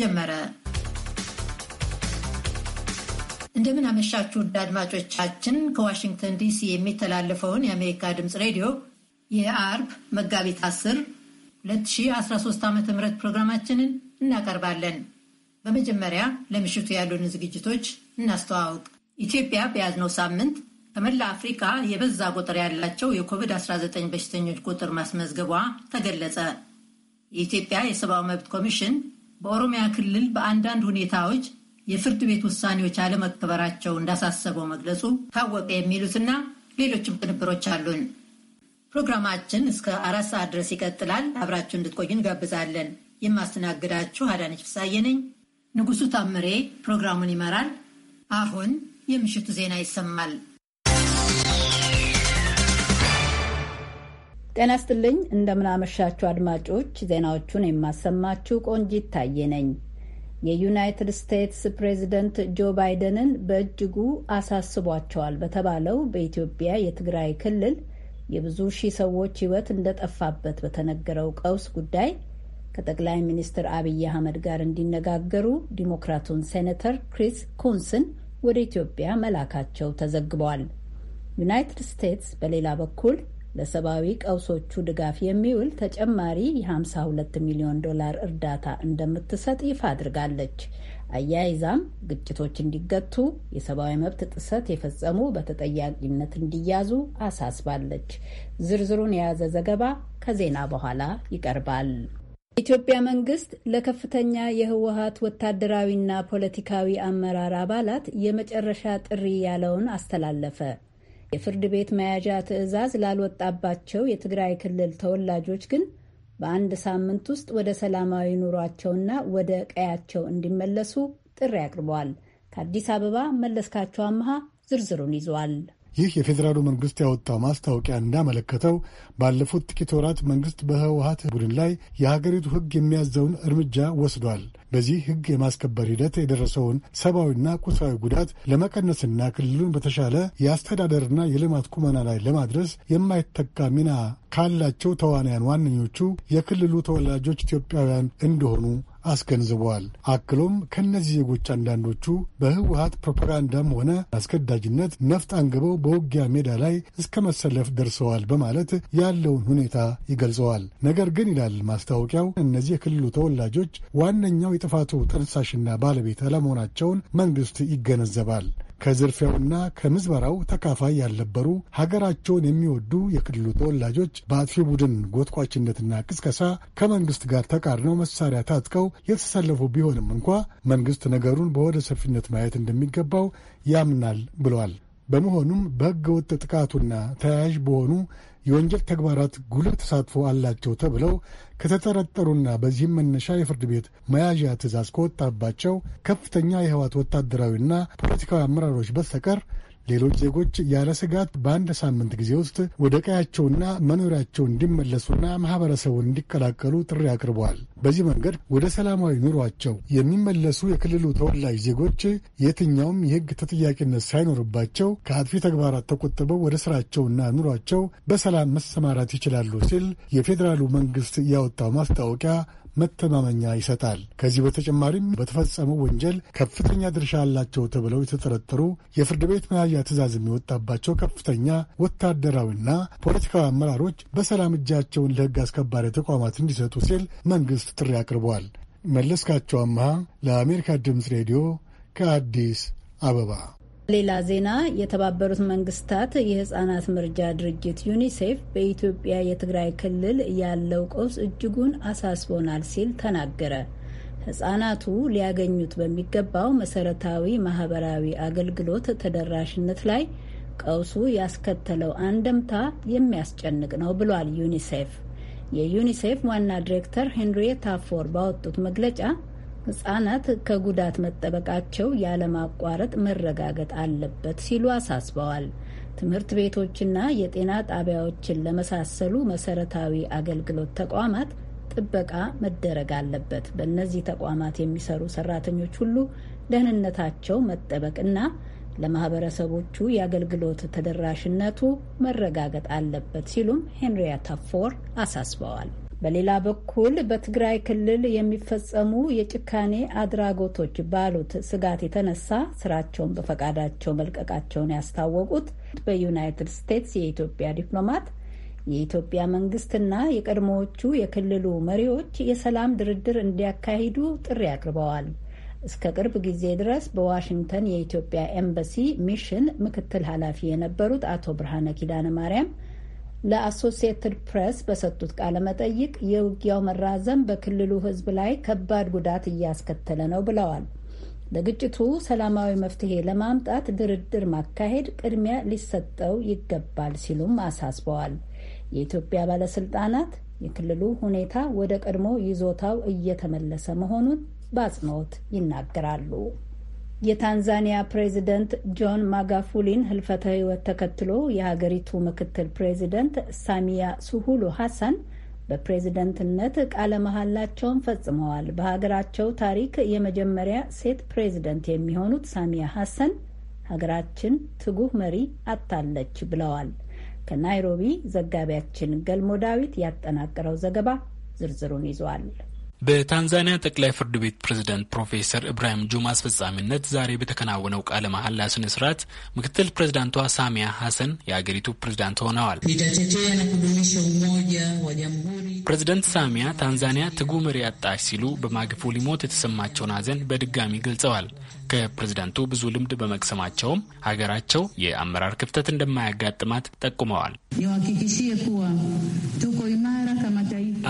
ጀመረ። እንደምን አመሻችሁ ውድ አድማጮቻችን። ከዋሽንግተን ዲሲ የሚተላለፈውን የአሜሪካ ድምፅ ሬዲዮ የአርብ መጋቢት 10 2013 ዓ ም ፕሮግራማችንን እናቀርባለን። በመጀመሪያ ለምሽቱ ያሉን ዝግጅቶች እናስተዋውቅ። ኢትዮጵያ በያዝነው ሳምንት ከመላ አፍሪካ የበዛ ቁጥር ያላቸው የኮቪድ-19 በሽተኞች ቁጥር ማስመዝገቧ ተገለጸ። የኢትዮጵያ የሰብአዊ መብት ኮሚሽን በኦሮሚያ ክልል በአንዳንድ ሁኔታዎች የፍርድ ቤት ውሳኔዎች አለመከበራቸው እንዳሳሰበው መግለጹ ታወቀ የሚሉትና ሌሎችም ቅንብሮች አሉን። ፕሮግራማችን እስከ አራት ሰዓት ድረስ ይቀጥላል። አብራችሁ እንድትቆዩ እንጋብዛለን። የማስተናግዳችሁ አዳነች ፍሳዬ ነኝ። ንጉሱ ታምሬ ፕሮግራሙን ይመራል። አሁን የምሽቱ ዜና ይሰማል። ጤና ስትልኝ እንደምናመሻችሁ አድማጮች፣ ዜናዎቹን የማሰማችሁ ቆንጂ ይታየ ነኝ። የዩናይትድ ስቴትስ ፕሬዚደንት ጆ ባይደንን በእጅጉ አሳስቧቸዋል በተባለው በኢትዮጵያ የትግራይ ክልል የብዙ ሺህ ሰዎች ሕይወት እንደጠፋበት በተነገረው ቀውስ ጉዳይ ከጠቅላይ ሚኒስትር አብይ አህመድ ጋር እንዲነጋገሩ ዲሞክራቱን ሴኔተር ክሪስ ኩንስን ወደ ኢትዮጵያ መላካቸው ተዘግቧል። ዩናይትድ ስቴትስ በሌላ በኩል ለሰብአዊ ቀውሶቹ ድጋፍ የሚውል ተጨማሪ የ52 ሚሊዮን ዶላር እርዳታ እንደምትሰጥ ይፋ አድርጋለች። አያይዛም ግጭቶች እንዲገቱ፣ የሰብአዊ መብት ጥሰት የፈጸሙ በተጠያቂነት እንዲያዙ አሳስባለች። ዝርዝሩን የያዘ ዘገባ ከዜና በኋላ ይቀርባል። የኢትዮጵያ መንግስት ለከፍተኛ የህወሀት ወታደራዊና ፖለቲካዊ አመራር አባላት የመጨረሻ ጥሪ ያለውን አስተላለፈ። የፍርድ ቤት መያዣ ትዕዛዝ ላልወጣባቸው የትግራይ ክልል ተወላጆች ግን በአንድ ሳምንት ውስጥ ወደ ሰላማዊ ኑሯቸውና ወደ ቀያቸው እንዲመለሱ ጥሪ አቅርበዋል። ከአዲስ አበባ መለስካቸው አመሃ ዝርዝሩን ይዟል። ይህ የፌዴራሉ መንግስት ያወጣው ማስታወቂያ እንዳመለከተው ባለፉት ጥቂት ወራት መንግስት በህወሀት ቡድን ላይ የሀገሪቱ ህግ የሚያዘውን እርምጃ ወስዷል። በዚህ ሕግ የማስከበር ሂደት የደረሰውን ሰብአዊና ቁሳዊ ጉዳት ለመቀነስና ክልሉን በተሻለ የአስተዳደርና የልማት ቁመና ላይ ለማድረስ የማይተካ ሚና ካላቸው ተዋናያን ዋነኞቹ የክልሉ ተወላጆች ኢትዮጵያውያን እንደሆኑ አስገንዝበዋል። አክሎም ከእነዚህ ዜጎች አንዳንዶቹ በህወሀት ፕሮፓጋንዳም ሆነ አስገዳጅነት ነፍጥ አንግበው በውጊያ ሜዳ ላይ እስከ መሰለፍ ደርሰዋል በማለት ያለውን ሁኔታ ይገልጸዋል። ነገር ግን ይላል ማስታወቂያው፣ እነዚህ የክልሉ ተወላጆች ዋነኛው የጥፋቱ ጠንሳሽና ባለቤት አለመሆናቸውን መንግስት ይገነዘባል። ከዝርፊያውና ከምዝበራው ተካፋይ ያልነበሩ ሀገራቸውን የሚወዱ የክልሉ ተወላጆች በአጥፊ ቡድን ጎትቋችነትና ቅስቀሳ ከመንግስት ጋር ተቃርነው መሳሪያ ታጥቀው የተሰለፉ ቢሆንም እንኳ መንግስት ነገሩን በወደ ሰፊነት ማየት እንደሚገባው ያምናል ብለዋል። በመሆኑም በሕገ ወጥ ጥቃቱና ተያያዥ በሆኑ የወንጀል ተግባራት ጉልህ ተሳትፎ አላቸው ተብለው ከተጠረጠሩና በዚህም መነሻ የፍርድ ቤት መያዣ ትእዛዝ ከወጣባቸው ከፍተኛ የህወሓት ወታደራዊና ፖለቲካዊ አመራሮች በስተቀር ሌሎች ዜጎች ያለ ስጋት በአንድ ሳምንት ጊዜ ውስጥ ወደ ቀያቸውና መኖሪያቸው እንዲመለሱና ማህበረሰቡን እንዲቀላቀሉ ጥሪ አቅርበዋል። በዚህ መንገድ ወደ ሰላማዊ ኑሯቸው የሚመለሱ የክልሉ ተወላጅ ዜጎች የትኛውም የህግ ተጠያቂነት ሳይኖርባቸው ከአጥፊ ተግባራት ተቆጥበው ወደ ስራቸውና ኑሯቸው በሰላም መሰማራት ይችላሉ ሲል የፌዴራሉ መንግስት ያወጣው ማስታወቂያ መተማመኛ ይሰጣል። ከዚህ በተጨማሪም በተፈጸመው ወንጀል ከፍተኛ ድርሻ አላቸው ተብለው የተጠረጠሩ የፍርድ ቤት መያዣ ትዕዛዝ የሚወጣባቸው ከፍተኛ ወታደራዊና ፖለቲካዊ አመራሮች በሰላም እጃቸውን ለሕግ አስከባሪ ተቋማት እንዲሰጡ ሲል መንግሥት ጥሪ አቅርቧል። መለስካቸው አምሃ ለአሜሪካ ድምፅ ሬዲዮ ከአዲስ አበባ ሌላ ዜና የተባበሩት መንግስታት የህጻናት መርጃ ድርጅት ዩኒሴፍ በኢትዮጵያ የትግራይ ክልል ያለው ቀውስ እጅጉን አሳስቦናል ሲል ተናገረ። ህጻናቱ ሊያገኙት በሚገባው መሰረታዊ ማህበራዊ አገልግሎት ተደራሽነት ላይ ቀውሱ ያስከተለው አንደምታ የሚያስጨንቅ ነው ብሏል ዩኒሴፍ። የዩኒሴፍ ዋና ዲሬክተር ሄንሪየታ ፎር ባወጡት መግለጫ ህጻናት ከጉዳት መጠበቃቸው ያለማቋረጥ መረጋገጥ አለበት ሲሉ አሳስበዋል። ትምህርት ቤቶችና የጤና ጣቢያዎችን ለመሳሰሉ መሰረታዊ አገልግሎት ተቋማት ጥበቃ መደረግ አለበት። በእነዚህ ተቋማት የሚሰሩ ሰራተኞች ሁሉ ደህንነታቸው መጠበቅና ለማህበረሰቦቹ የአገልግሎት ተደራሽነቱ መረጋገጥ አለበት ሲሉም ሄንሪያታ ፎር አሳስበዋል። በሌላ በኩል በትግራይ ክልል የሚፈጸሙ የጭካኔ አድራጎቶች ባሉት ስጋት የተነሳ ስራቸውን በፈቃዳቸው መልቀቃቸውን ያስታወቁት በዩናይትድ ስቴትስ የኢትዮጵያ ዲፕሎማት የኢትዮጵያ መንግስትና የቀድሞዎቹ የክልሉ መሪዎች የሰላም ድርድር እንዲያካሂዱ ጥሪ አቅርበዋል። እስከ ቅርብ ጊዜ ድረስ በዋሽንግተን የኢትዮጵያ ኤምባሲ ሚሽን ምክትል ኃላፊ የነበሩት አቶ ብርሃነ ኪዳነ ማርያም ለአሶሲየትድ ፕሬስ በሰጡት ቃለ መጠይቅ የውጊያው መራዘም በክልሉ ሕዝብ ላይ ከባድ ጉዳት እያስከተለ ነው ብለዋል። ለግጭቱ ሰላማዊ መፍትሄ ለማምጣት ድርድር ማካሄድ ቅድሚያ ሊሰጠው ይገባል ሲሉም አሳስበዋል። የኢትዮጵያ ባለስልጣናት የክልሉ ሁኔታ ወደ ቀድሞ ይዞታው እየተመለሰ መሆኑን በአጽንኦት ይናገራሉ። የታንዛኒያ ፕሬዚደንት ጆን ማጋፉሊን ህልፈተ ህይወት ተከትሎ የሀገሪቱ ምክትል ፕሬዚደንት ሳሚያ ሱሁሉ ሀሰን በፕሬዝደንትነት ቃለ መሐላቸውን ፈጽመዋል። በሀገራቸው ታሪክ የመጀመሪያ ሴት ፕሬዝደንት የሚሆኑት ሳሚያ ሀሰን ሀገራችን ትጉህ መሪ አጥታለች ብለዋል። ከናይሮቢ ዘጋቢያችን ገልሞ ዳዊት ያጠናቀረው ዘገባ ዝርዝሩን ይዟል። በታንዛኒያ ጠቅላይ ፍርድ ቤት ፕሬዝዳንት ፕሮፌሰር ኢብራሂም ጁማ አስፈጻሚነት ዛሬ በተከናወነው ቃለ መሐላ ስነ ስርዓት ምክትል ፕሬዝዳንቷ ሳሚያ ሐሰን የአገሪቱ ፕሬዝዳንት ሆነዋል። ፕሬዝዳንት ሳሚያ ታንዛኒያ ትጉ መሪ አጣች ሲሉ በማጉፉሊ ሊሞት የተሰማቸውን ሐዘን በድጋሚ ገልጸዋል። ከፕሬዝዳንቱ ብዙ ልምድ በመቅሰማቸውም ሀገራቸው የአመራር ክፍተት እንደማያጋጥማት ጠቁመዋል።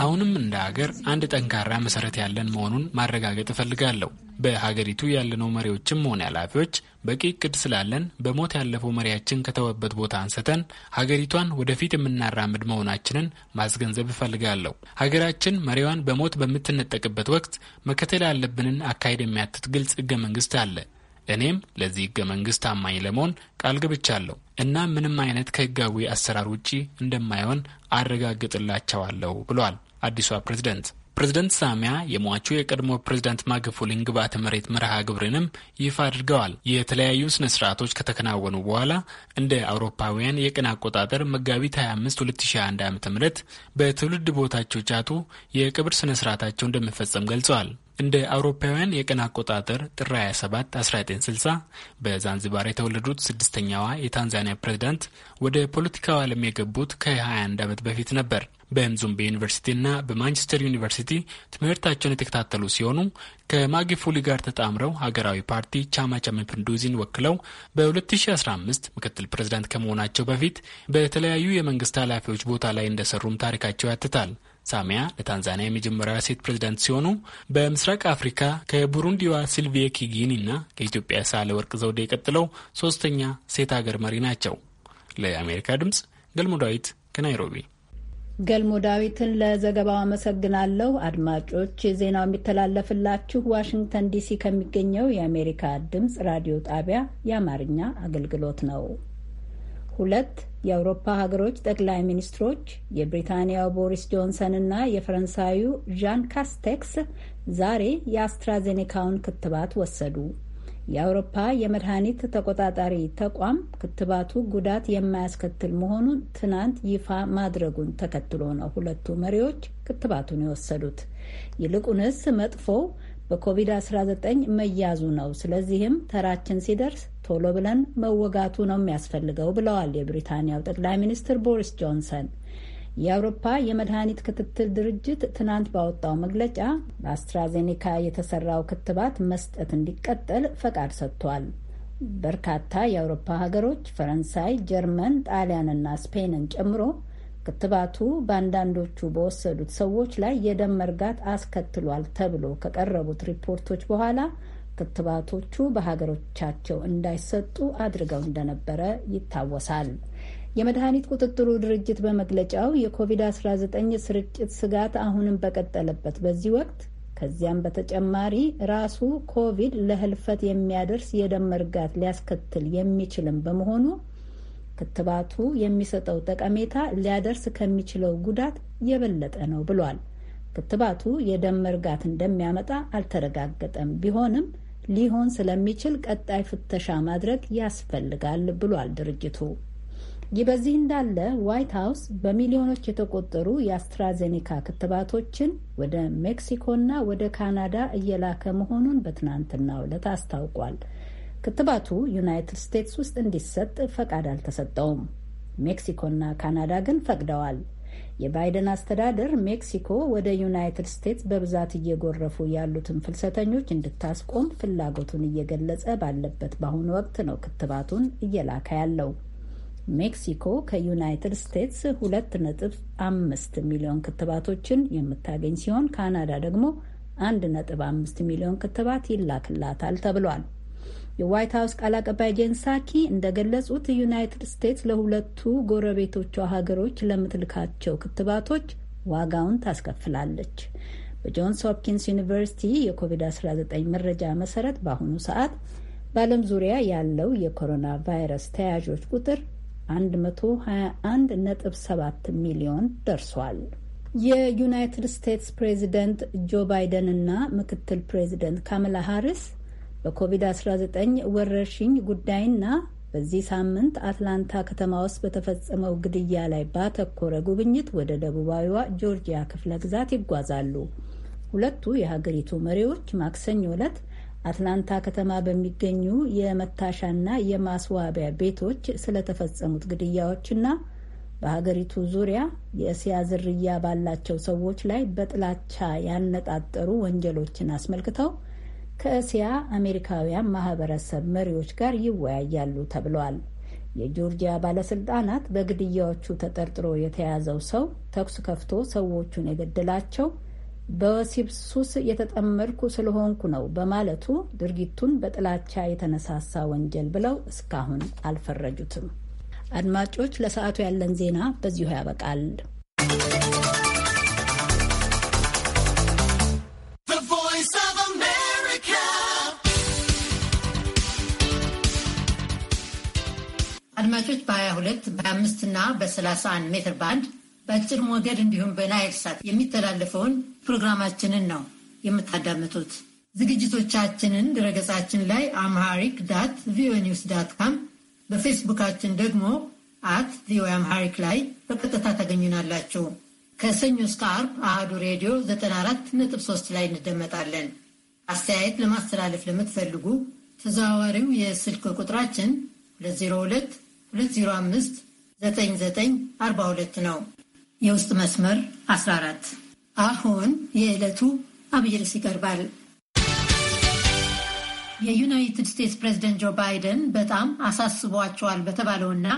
አሁንም እንደ ሀገር አንድ ጠንካራ መሰረት ያለን መሆኑን ማረጋገጥ እፈልጋለሁ። በሀገሪቱ ያለነው መሪዎችም ሆነ ኃላፊዎች በቂ እቅድ ስላለን በሞት ያለፈው መሪያችን ከተወበት ቦታ አንስተን ሀገሪቷን ወደፊት የምናራምድ መሆናችንን ማስገንዘብ እፈልጋለሁ። ሀገራችን መሪዋን በሞት በምትነጠቅበት ወቅት መከተል ያለብንን አካሄድ የሚያትት ግልጽ ህገ መንግስት አለ። እኔም ለዚህ ህገ መንግስት ታማኝ ለመሆን ቃል ገብቻለሁ እና ምንም አይነት ከህጋዊ አሰራር ውጪ እንደማይሆን አረጋግጥላቸዋለሁ ብሏል አዲሷ ፕሬዝደንት። ፕሬዝደንት ሳሚያ የሟቹ የቀድሞ ፕሬዝዳንት ማጉፉሊን ግብዓተ መሬት መርሃ ግብርንም ይፋ አድርገዋል። የተለያዩ ስነ ስርዓቶች ከተከናወኑ በኋላ እንደ አውሮፓውያን የቀን አቆጣጠር መጋቢት 25 2021 ዓ ም በትውልድ ቦታቸው ጫቱ የቅብር ስነ ስርዓታቸው እንደሚፈጸም ገልጸዋል። እንደ አውሮፓውያን የቀን አቆጣጠር ጥር 27 1960 በዛንዚባር የተወለዱት ስድስተኛዋ የታንዛኒያ ፕሬዝዳንት ወደ ፖለቲካው ዓለም የገቡት ከ21 ዓመት በፊት ነበር። በምዙምቤ ዩኒቨርሲቲና በማንቸስተር ዩኒቨርሲቲ ትምህርታቸውን የተከታተሉ ሲሆኑ ከማጊፉሊ ጋር ተጣምረው ሀገራዊ ፓርቲ ቻማ ቻ ወክለው በ2015 ምክትል ፕሬዚዳንት ከመሆናቸው በፊት በተለያዩ የመንግስት ኃላፊዎች ቦታ ላይ እንደሰሩም ታሪካቸው ያትታል። ሳሚያ ለታንዛኒያ የመጀመሪያ ሴት ፕሬዝዳንት ሲሆኑ በምስራቅ አፍሪካ ከቡሩንዲዋ ሲልቪየ ኪጊኒ እና ከኢትዮጵያ ሳህለ ወርቅ ዘውዴ ቀጥለው ሶስተኛ ሴት ሀገር መሪ ናቸው። ለአሜሪካ ድምጽ ገልሞ ዳዊት ከናይሮቢ። ገልሞ ዳዊትን ለዘገባው አመሰግናለሁ። አድማጮች፣ ዜናው የሚተላለፍላችሁ ዋሽንግተን ዲሲ ከሚገኘው የአሜሪካ ድምፅ ራዲዮ ጣቢያ የአማርኛ አገልግሎት ነው። ሁለት የአውሮፓ ሀገሮች ጠቅላይ ሚኒስትሮች የብሪታንያው ቦሪስ ጆንሰን እና የፈረንሳዩ ዣን ካስቴክስ ዛሬ የአስትራዜኔካውን ክትባት ወሰዱ። የአውሮፓ የመድኃኒት ተቆጣጣሪ ተቋም ክትባቱ ጉዳት የማያስከትል መሆኑን ትናንት ይፋ ማድረጉን ተከትሎ ነው ሁለቱ መሪዎች ክትባቱን የወሰዱት። ይልቁንስ መጥፎው በኮቪድ-19 መያዙ ነው። ስለዚህም ተራችን ሲደርስ ቶሎ ብለን መወጋቱ ነው የሚያስፈልገው ብለዋል የብሪታንያው ጠቅላይ ሚኒስትር ቦሪስ ጆንሰን። የአውሮፓ የመድኃኒት ክትትል ድርጅት ትናንት ባወጣው መግለጫ በአስትራዜኔካ የተሰራው ክትባት መስጠት እንዲቀጠል ፈቃድ ሰጥቷል። በርካታ የአውሮፓ ሀገሮች ፈረንሳይ፣ ጀርመን፣ ጣሊያንና ስፔንን ጨምሮ ክትባቱ በአንዳንዶቹ በወሰዱት ሰዎች ላይ የደም መርጋት አስከትሏል ተብሎ ከቀረቡት ሪፖርቶች በኋላ ክትባቶቹ በሀገሮቻቸው እንዳይሰጡ አድርገው እንደነበረ ይታወሳል። የመድኃኒት ቁጥጥሩ ድርጅት በመግለጫው የኮቪድ-19 ስርጭት ስጋት አሁንም በቀጠለበት በዚህ ወቅት ከዚያም በተጨማሪ ራሱ ኮቪድ ለህልፈት የሚያደርስ የደም መርጋት ሊያስከትል የሚችልም በመሆኑ ክትባቱ የሚሰጠው ጠቀሜታ ሊያደርስ ከሚችለው ጉዳት የበለጠ ነው ብሏል። ክትባቱ የደም መርጋት እንደሚያመጣ አልተረጋገጠም። ቢሆንም ሊሆን ስለሚችል ቀጣይ ፍተሻ ማድረግ ያስፈልጋል ብሏል ድርጅቱ። ይህ በዚህ እንዳለ ዋይት ሀውስ በሚሊዮኖች የተቆጠሩ የአስትራዜኔካ ክትባቶችን ወደ ሜክሲኮና ወደ ካናዳ እየላከ መሆኑን በትናንትናው ዕለት አስታውቋል። ክትባቱ ዩናይትድ ስቴትስ ውስጥ እንዲሰጥ ፈቃድ አልተሰጠውም። ሜክሲኮና ካናዳ ግን ፈቅደዋል። የባይደን አስተዳደር ሜክሲኮ ወደ ዩናይትድ ስቴትስ በብዛት እየጎረፉ ያሉትን ፍልሰተኞች እንድታስቆም ፍላጎቱን እየገለጸ ባለበት በአሁኑ ወቅት ነው ክትባቱን እየላከ ያለው። ሜክሲኮ ከዩናይትድ ስቴትስ ሁለት ነጥብ አምስት ሚሊዮን ክትባቶችን የምታገኝ ሲሆን ካናዳ ደግሞ አንድ ነጥብ አምስት ሚሊዮን ክትባት ይላክላታል ተብሏል። የዋይት ሀውስ ቃል አቀባይ ጄን ሳኪ እንደገለጹት ዩናይትድ ስቴትስ ለሁለቱ ጎረቤቶቿ ሀገሮች ለምትልካቸው ክትባቶች ዋጋውን ታስከፍላለች። በጆንስ ሆፕኪንስ ዩኒቨርሲቲ የኮቪድ-19 መረጃ መሰረት በአሁኑ ሰዓት በዓለም ዙሪያ ያለው የኮሮና ቫይረስ ተያዦች ቁጥር 121.7 ሚሊዮን ደርሷል። የዩናይትድ ስቴትስ ፕሬዚደንት ጆ ባይደን እና ምክትል ፕሬዚደንት ካመላ ሃሪስ በኮቪድ-19 ወረርሽኝ ጉዳይና በዚህ ሳምንት አትላንታ ከተማ ውስጥ በተፈጸመው ግድያ ላይ ባተኮረ ጉብኝት ወደ ደቡባዊዋ ጆርጂያ ክፍለ ግዛት ይጓዛሉ። ሁለቱ የሀገሪቱ መሪዎች ማክሰኞ ዕለት አትላንታ ከተማ በሚገኙ የመታሻና የማስዋቢያ ቤቶች ስለተፈጸሙት ግድያዎችና በሀገሪቱ ዙሪያ የእስያ ዝርያ ባላቸው ሰዎች ላይ በጥላቻ ያነጣጠሩ ወንጀሎችን አስመልክተው ከእስያ አሜሪካውያን ማህበረሰብ መሪዎች ጋር ይወያያሉ ተብሏል። የጆርጂያ ባለስልጣናት በግድያዎቹ ተጠርጥሮ የተያዘው ሰው ተኩስ ከፍቶ ሰዎቹን የገደላቸው በወሲብ ሱስ የተጠመድኩ ስለሆንኩ ነው በማለቱ ድርጊቱን በጥላቻ የተነሳሳ ወንጀል ብለው እስካሁን አልፈረጁትም። አድማጮች፣ ለሰዓቱ ያለን ዜና በዚሁ ያበቃል። አድማጮች በ22 በ25 እና በ31 ሜትር ባንድ በአጭር ሞገድ እንዲሁም በናይል ሳት የሚተላለፈውን ፕሮግራማችንን ነው የምታዳምጡት። ዝግጅቶቻችንን ድረገጻችን ላይ አምሃሪክ ዳት ቪኦኤ ኒውስ ዳት ካም በፌስቡካችን ደግሞ አት ቪኦኤ አምሃሪክ ላይ በቀጥታ ታገኙናላችሁ። ከሰኞ እስከ አርብ አህዱ ሬዲዮ 3 ላይ እንደመጣለን። አስተያየት ለማስተላለፍ ለምትፈልጉ ተዘዋዋሪው የስልክ ቁጥራችን 202 205 9942 ነው። የውስጥ መስመር 14። አሁን የዕለቱ አብይ ርዕስ ይቀርባል። የዩናይትድ ስቴትስ ፕሬዚደንት ጆ ባይደን በጣም አሳስቧቸዋል በተባለውና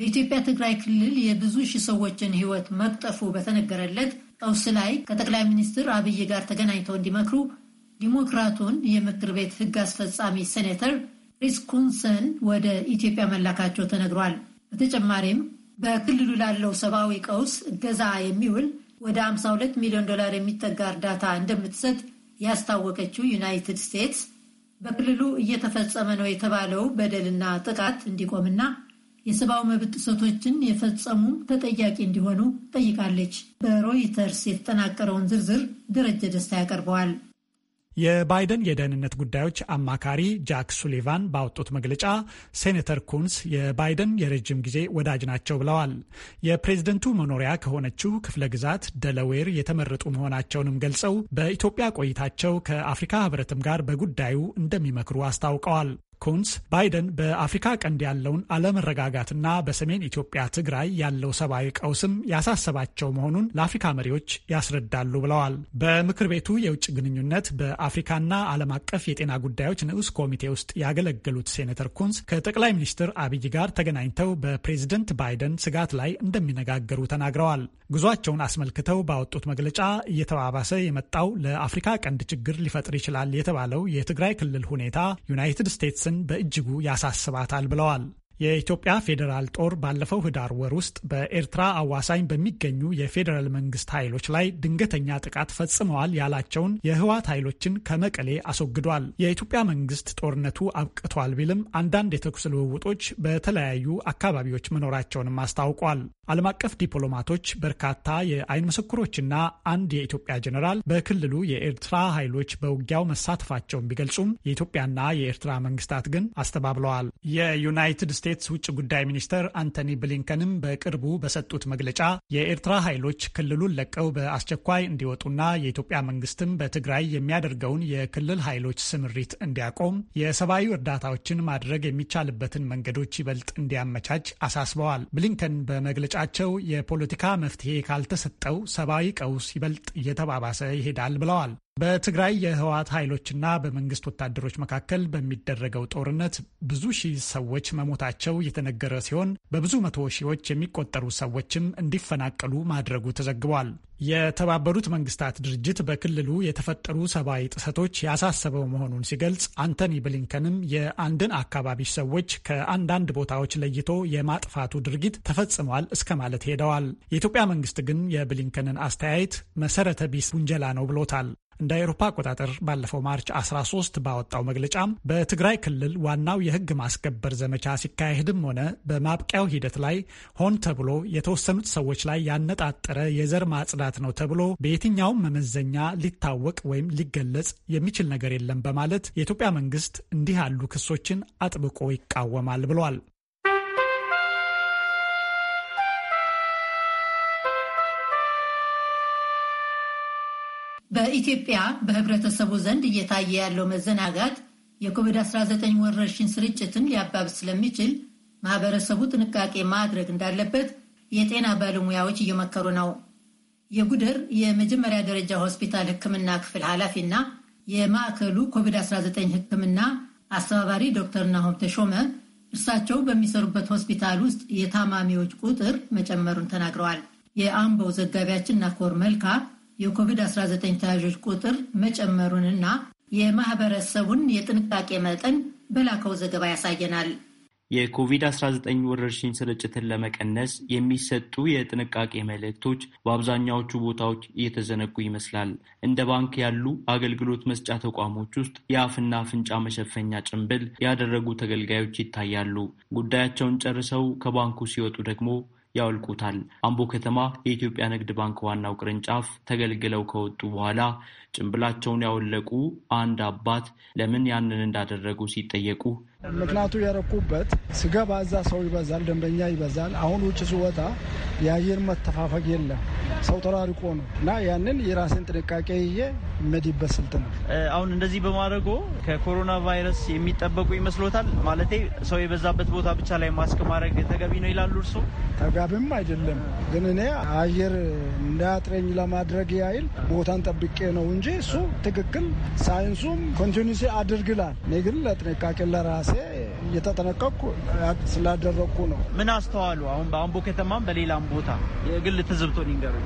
በኢትዮጵያ ትግራይ ክልል የብዙ ሺህ ሰዎችን ሕይወት መቅጠፉ በተነገረለት ቀውስ ላይ ከጠቅላይ ሚኒስትር አብይ ጋር ተገናኝተው እንዲመክሩ ዲሞክራቱን የምክር ቤት ሕግ አስፈጻሚ ሴኔተር ዊስኮንሰን ወደ ኢትዮጵያ መላካቸው ተነግሯል። በተጨማሪም በክልሉ ላለው ሰብአዊ ቀውስ እገዛ የሚውል ወደ 52 ሚሊዮን ዶላር የሚጠጋ እርዳታ እንደምትሰጥ ያስታወቀችው ዩናይትድ ስቴትስ በክልሉ እየተፈጸመ ነው የተባለው በደልና ጥቃት እንዲቆምና የሰብአዊ መብት ጥሰቶችን የፈጸሙም ተጠያቂ እንዲሆኑ ጠይቃለች። በሮይተርስ የተጠናቀረውን ዝርዝር ደረጀ ደስታ ያቀርበዋል። የባይደን የደህንነት ጉዳዮች አማካሪ ጃክ ሱሊቫን ባወጡት መግለጫ ሴኔተር ኩንስ የባይደን የረጅም ጊዜ ወዳጅ ናቸው ብለዋል። የፕሬዝደንቱ መኖሪያ ከሆነችው ክፍለ ግዛት ደለዌር የተመረጡ መሆናቸውንም ገልጸው በኢትዮጵያ ቆይታቸው ከአፍሪካ ሕብረትም ጋር በጉዳዩ እንደሚመክሩ አስታውቀዋል። ኩንስ ባይደን በአፍሪካ ቀንድ ያለውን አለመረጋጋትና በሰሜን ኢትዮጵያ ትግራይ ያለው ሰብአዊ ቀውስም ያሳሰባቸው መሆኑን ለአፍሪካ መሪዎች ያስረዳሉ ብለዋል። በምክር ቤቱ የውጭ ግንኙነት በአፍሪካና ዓለም አቀፍ የጤና ጉዳዮች ንዑስ ኮሚቴ ውስጥ ያገለገሉት ሴኔተር ኩንስ ከጠቅላይ ሚኒስትር አብይ ጋር ተገናኝተው በፕሬዝደንት ባይደን ስጋት ላይ እንደሚነጋገሩ ተናግረዋል። ጉዟቸውን አስመልክተው ባወጡት መግለጫ እየተባባሰ የመጣው ለአፍሪካ ቀንድ ችግር ሊፈጥር ይችላል የተባለው የትግራይ ክልል ሁኔታ ዩናይትድ ስቴትስን በእጅጉ ያሳስባታል ብለዋል። የኢትዮጵያ ፌዴራል ጦር ባለፈው ህዳር ወር ውስጥ በኤርትራ አዋሳኝ በሚገኙ የፌዴራል መንግስት ኃይሎች ላይ ድንገተኛ ጥቃት ፈጽመዋል ያላቸውን የህወሓት ኃይሎችን ከመቀሌ አስወግዷል። የኢትዮጵያ መንግስት ጦርነቱ አብቅቷል ቢልም አንዳንድ የተኩስ ልውውጦች በተለያዩ አካባቢዎች መኖራቸውንም አስታውቋል። ዓለም አቀፍ ዲፕሎማቶች፣ በርካታ የአይን ምስክሮችና አንድ የኢትዮጵያ ጀኔራል በክልሉ የኤርትራ ኃይሎች በውጊያው መሳተፋቸውን ቢገልጹም የኢትዮጵያና የኤርትራ መንግስታት ግን አስተባብለዋል። የዩናይትድ ስቴትስ ስቴትስ ውጭ ጉዳይ ሚኒስትር አንቶኒ ብሊንከንም በቅርቡ በሰጡት መግለጫ የኤርትራ ኃይሎች ክልሉን ለቀው በአስቸኳይ እንዲወጡና የኢትዮጵያ መንግስትም በትግራይ የሚያደርገውን የክልል ኃይሎች ስምሪት እንዲያቆም፣ የሰብአዊ እርዳታዎችን ማድረግ የሚቻልበትን መንገዶች ይበልጥ እንዲያመቻች አሳስበዋል። ብሊንከን በመግለጫቸው የፖለቲካ መፍትሄ ካልተሰጠው ሰብአዊ ቀውስ ይበልጥ እየተባባሰ ይሄዳል ብለዋል። በትግራይ የህወሀት ኃይሎችና በመንግስት ወታደሮች መካከል በሚደረገው ጦርነት ብዙ ሺህ ሰዎች መሞታቸው የተነገረ ሲሆን በብዙ መቶ ሺዎች የሚቆጠሩ ሰዎችም እንዲፈናቀሉ ማድረጉ ተዘግቧል። የተባበሩት መንግስታት ድርጅት በክልሉ የተፈጠሩ ሰብአዊ ጥሰቶች ያሳሰበው መሆኑን ሲገልጽ አንቶኒ ብሊንከንም የአንድን አካባቢ ሰዎች ከአንዳንድ ቦታዎች ለይቶ የማጥፋቱ ድርጊት ተፈጽሟል እስከ ማለት ሄደዋል። የኢትዮጵያ መንግስት ግን የብሊንከንን አስተያየት መሰረተ ቢስ ውንጀላ ነው ብሎታል። እንደ አውሮፓ አቆጣጠር ባለፈው ማርች 13 ባወጣው መግለጫ በትግራይ ክልል ዋናው የህግ ማስከበር ዘመቻ ሲካሄድም ሆነ በማብቂያው ሂደት ላይ ሆን ተብሎ የተወሰኑት ሰዎች ላይ ያነጣጠረ የዘር ማጽዳት ነው ተብሎ በየትኛውም መመዘኛ ሊታወቅ ወይም ሊገለጽ የሚችል ነገር የለም በማለት የኢትዮጵያ መንግስት እንዲህ ያሉ ክሶችን አጥብቆ ይቃወማል ብሏል። በኢትዮጵያ በህብረተሰቡ ዘንድ እየታየ ያለው መዘናጋት የኮቪድ-19 ወረርሽኝ ስርጭትን ሊያባብስ ስለሚችል ማህበረሰቡ ጥንቃቄ ማድረግ እንዳለበት የጤና ባለሙያዎች እየመከሩ ነው። የጉደር የመጀመሪያ ደረጃ ሆስፒታል ህክምና ክፍል ኃላፊና የማዕከሉ ኮቪድ-19 ህክምና አስተባባሪ ዶክተር ናሆም ተሾመ እርሳቸው በሚሰሩበት ሆስፒታል ውስጥ የታማሚዎች ቁጥር መጨመሩን ተናግረዋል። የአምቦው ዘጋቢያችን ናኮር መልካ የኮቪድ-19 ተያዦች ቁጥር መጨመሩንና የማህበረሰቡን የጥንቃቄ መጠን በላከው ዘገባ ያሳየናል። የኮቪድ-19 ወረርሽኝ ስርጭትን ለመቀነስ የሚሰጡ የጥንቃቄ መልእክቶች በአብዛኛዎቹ ቦታዎች እየተዘነጉ ይመስላል። እንደ ባንክ ያሉ አገልግሎት መስጫ ተቋሞች ውስጥ የአፍና አፍንጫ መሸፈኛ ጭንብል ያደረጉ ተገልጋዮች ይታያሉ። ጉዳያቸውን ጨርሰው ከባንኩ ሲወጡ ደግሞ ያወልቁታል። አምቦ ከተማ የኢትዮጵያ ንግድ ባንክ ዋናው ቅርንጫፍ ተገልግለው ከወጡ በኋላ ጭንብላቸውን ያወለቁ አንድ አባት ለምን ያንን እንዳደረጉ ሲጠየቁ ምክንያቱ የረኩበት ስገባ እዛ ሰው ይበዛል፣ ደንበኛ ይበዛል። አሁን ውጭ ስወጣ የአየር መተፋፈግ የለም፣ ሰው ተራርቆ ነው እና ያንን የራሴን ጥንቃቄ ይዬ መዲበት ስልት ነው። አሁን እንደዚህ በማድረጎ ከኮሮና ቫይረስ የሚጠበቁ ይመስሎታል? ማለቴ ሰው የበዛበት ቦታ ብቻ ላይ ማስክ ማድረግ ተገቢ ነው ይላሉ እርሶ? ተጋቢም አይደለም ግን እኔ አየር እንዳያጥረኝ ለማድረግ ያይል ቦታን ጠብቄ ነው እንጂ እሱ ትክክል ሳይንሱም ኮንቲኒሲ አድርግላል። እኔ ግን ለጥንቃቄ ለራሴ እየተጠነቀቅኩ ስላደረግኩ ነው። ምን አስተዋሉ? አሁን በአምቦ ከተማም በሌላም ቦታ የግል ትዝብቶ ሊንገሩ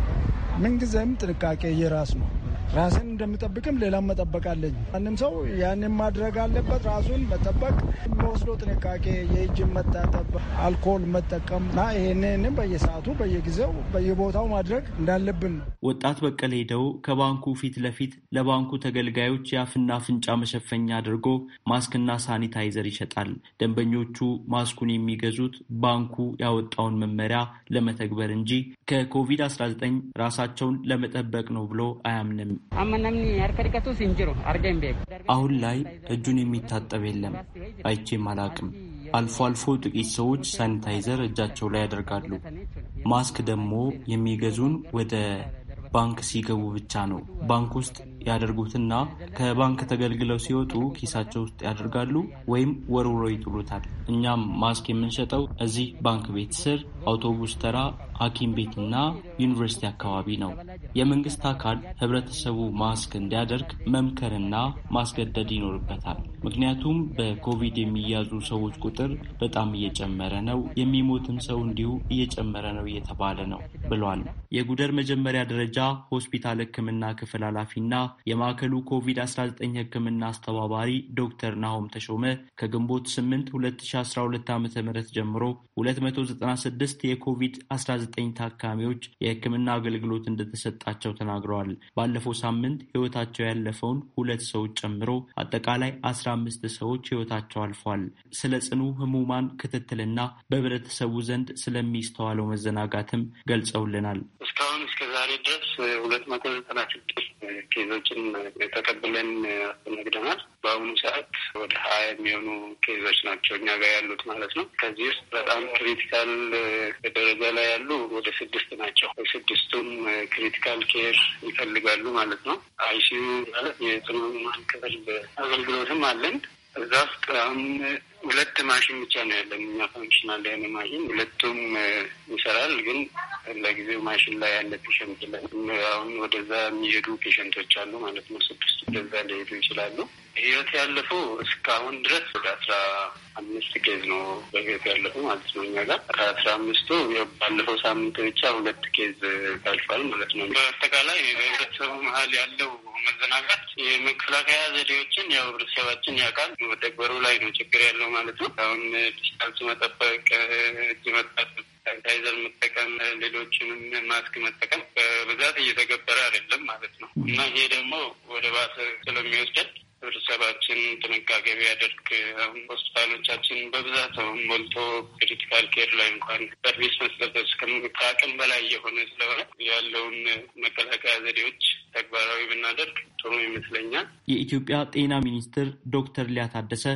ምንጊዜም ጥንቃቄ የራስ ነው። ራስን እንደምጠብቅም ሌላም መጠበቅ አለኝ። ማንም ሰው ያንን ማድረግ አለበት። ራሱን መጠበቅ የሚወስደው ጥንቃቄ፣ የእጅ መታጠብ፣ አልኮል መጠቀም እና ይህንንም በየሰዓቱ በየጊዜው በየቦታው ማድረግ እንዳለብን ነው። ወጣት በቀለ ሄደው ከባንኩ ፊት ለፊት ለባንኩ ተገልጋዮች የአፍና አፍንጫ መሸፈኛ አድርጎ ማስክና ሳኒታይዘር ይሸጣል። ደንበኞቹ ማስኩን የሚገዙት ባንኩ ያወጣውን መመሪያ ለመተግበር እንጂ ከኮቪድ-19 ራሳቸውን ለመጠበቅ ነው ብሎ አያምንም። አሁን ላይ እጁን የሚታጠብ የለም። አይቼም አላቅም። አልፎ አልፎ ጥቂት ሰዎች ሳኒታይዘር እጃቸው ላይ ያደርጋሉ። ማስክ ደግሞ የሚገዙን ወደ ባንክ ሲገቡ ብቻ ነው። ባንክ ውስጥ ያደርጉትና ከባንክ ተገልግለው ሲወጡ ኪሳቸው ውስጥ ያደርጋሉ ወይም ወርውሮ ይጥሉታል። እኛም ማስክ የምንሸጠው እዚህ ባንክ ቤት ስር፣ አውቶቡስ ተራ፣ ሐኪም ቤትና ዩኒቨርሲቲ አካባቢ ነው። የመንግስት አካል ህብረተሰቡ ማስክ እንዲያደርግ መምከርና ማስገደድ ይኖርበታል። ምክንያቱም በኮቪድ የሚያዙ ሰዎች ቁጥር በጣም እየጨመረ ነው፣ የሚሞትም ሰው እንዲሁ እየጨመረ ነው እየተባለ ነው ብሏል። የጉደር መጀመሪያ ደረጃ ሆስፒታል ህክምና ክፍል ኃላፊና የማዕከሉ ኮቪድ-19 ሕክምና አስተባባሪ ዶክተር ናሆም ተሾመ ከግንቦት 8 2012 ዓ ም ጀምሮ 296 የኮቪድ-19 ታካሚዎች የሕክምና አገልግሎት እንደተሰጣቸው ተናግረዋል። ባለፈው ሳምንት ሕይወታቸው ያለፈውን ሁለት ሰዎች ጨምሮ አጠቃላይ 15 ሰዎች ሕይወታቸው አልፏል። ስለ ጽኑ ህሙማን ክትትልና በህብረተሰቡ ዘንድ ስለሚስተዋለው መዘናጋትም ገልጸውልናል። እስካሁን እስከ ዛሬ ድረስ ሁለት መቶ ዘጠና ስድስት ኬዞች ኬዞችን ተቀብለን አስተናግደናል። በአሁኑ ሰዓት ወደ ሀያ የሚሆኑ ኬዞች ናቸው እኛ ጋር ያሉት ማለት ነው። ከዚህ ውስጥ በጣም ክሪቲካል ደረጃ ላይ ያሉ ወደ ስድስት ናቸው። ስድስቱም ክሪቲካል ኬር ይፈልጋሉ ማለት ነው። አይሲዩ ማለት የጽኑ ህሙማን ክፍል አገልግሎትም አለን። እዛ ውስጥ አሁን ሁለት ማሽን ብቻ ነው ያለን እኛ ፋንክሽናል ያለ ማሽን ሁለቱም ይሰራል። ግን ለጊዜው ማሽን ላይ ያለ ፔሸንት ላይ አሁን ወደዛ የሚሄዱ ፔሸንቶች አሉ ማለት ነው። ስድስት ወደዛ ሊሄዱ ይችላሉ። ህይወት ያለፉ እስካሁን ድረስ ወደ አስራ አምስት ኬዝ ነው በህይወት ያለፉ ማለት ነው። እኛ ጋር ከአስራ አምስቱ ባለፈው ሳምንት ብቻ ሁለት ኬዝ ታልፏል ማለት ነው። በአጠቃላይ በህብረተሰቡ መሀል ያለው መዘናጋት የመከላከያ ዘዴዎችን ያው ህብረተሰባችን ያውቃል። መተግበሩ ላይ ነው ችግር ያለው ማለት ነው። አሁን ዲስታንስ መጠበቅ፣ እጅ መታጠብ ሳኒታይዘር መጠቀም ሌሎችንም ማስክ መጠቀም በብዛት እየተገበረ አይደለም ማለት ነው እና ይሄ ደግሞ ወደ ባሰ ስለሚወስደን ህብረተሰባችን ጥንቃቄ ቢያደርግ ሆስፒታሎቻችን በብዛት ሞልቶ ክሪቲካል ኬር ላይ እንኳን ሰርቪስ መስጠት ከአቅም በላይ የሆነ ስለሆነ ያለውን መከላከያ ዘዴዎች ተግባራዊ ብናደርግ ጥሩ ይመስለኛል። የኢትዮጵያ ጤና ሚኒስትር ዶክተር ሊያ ታደሰ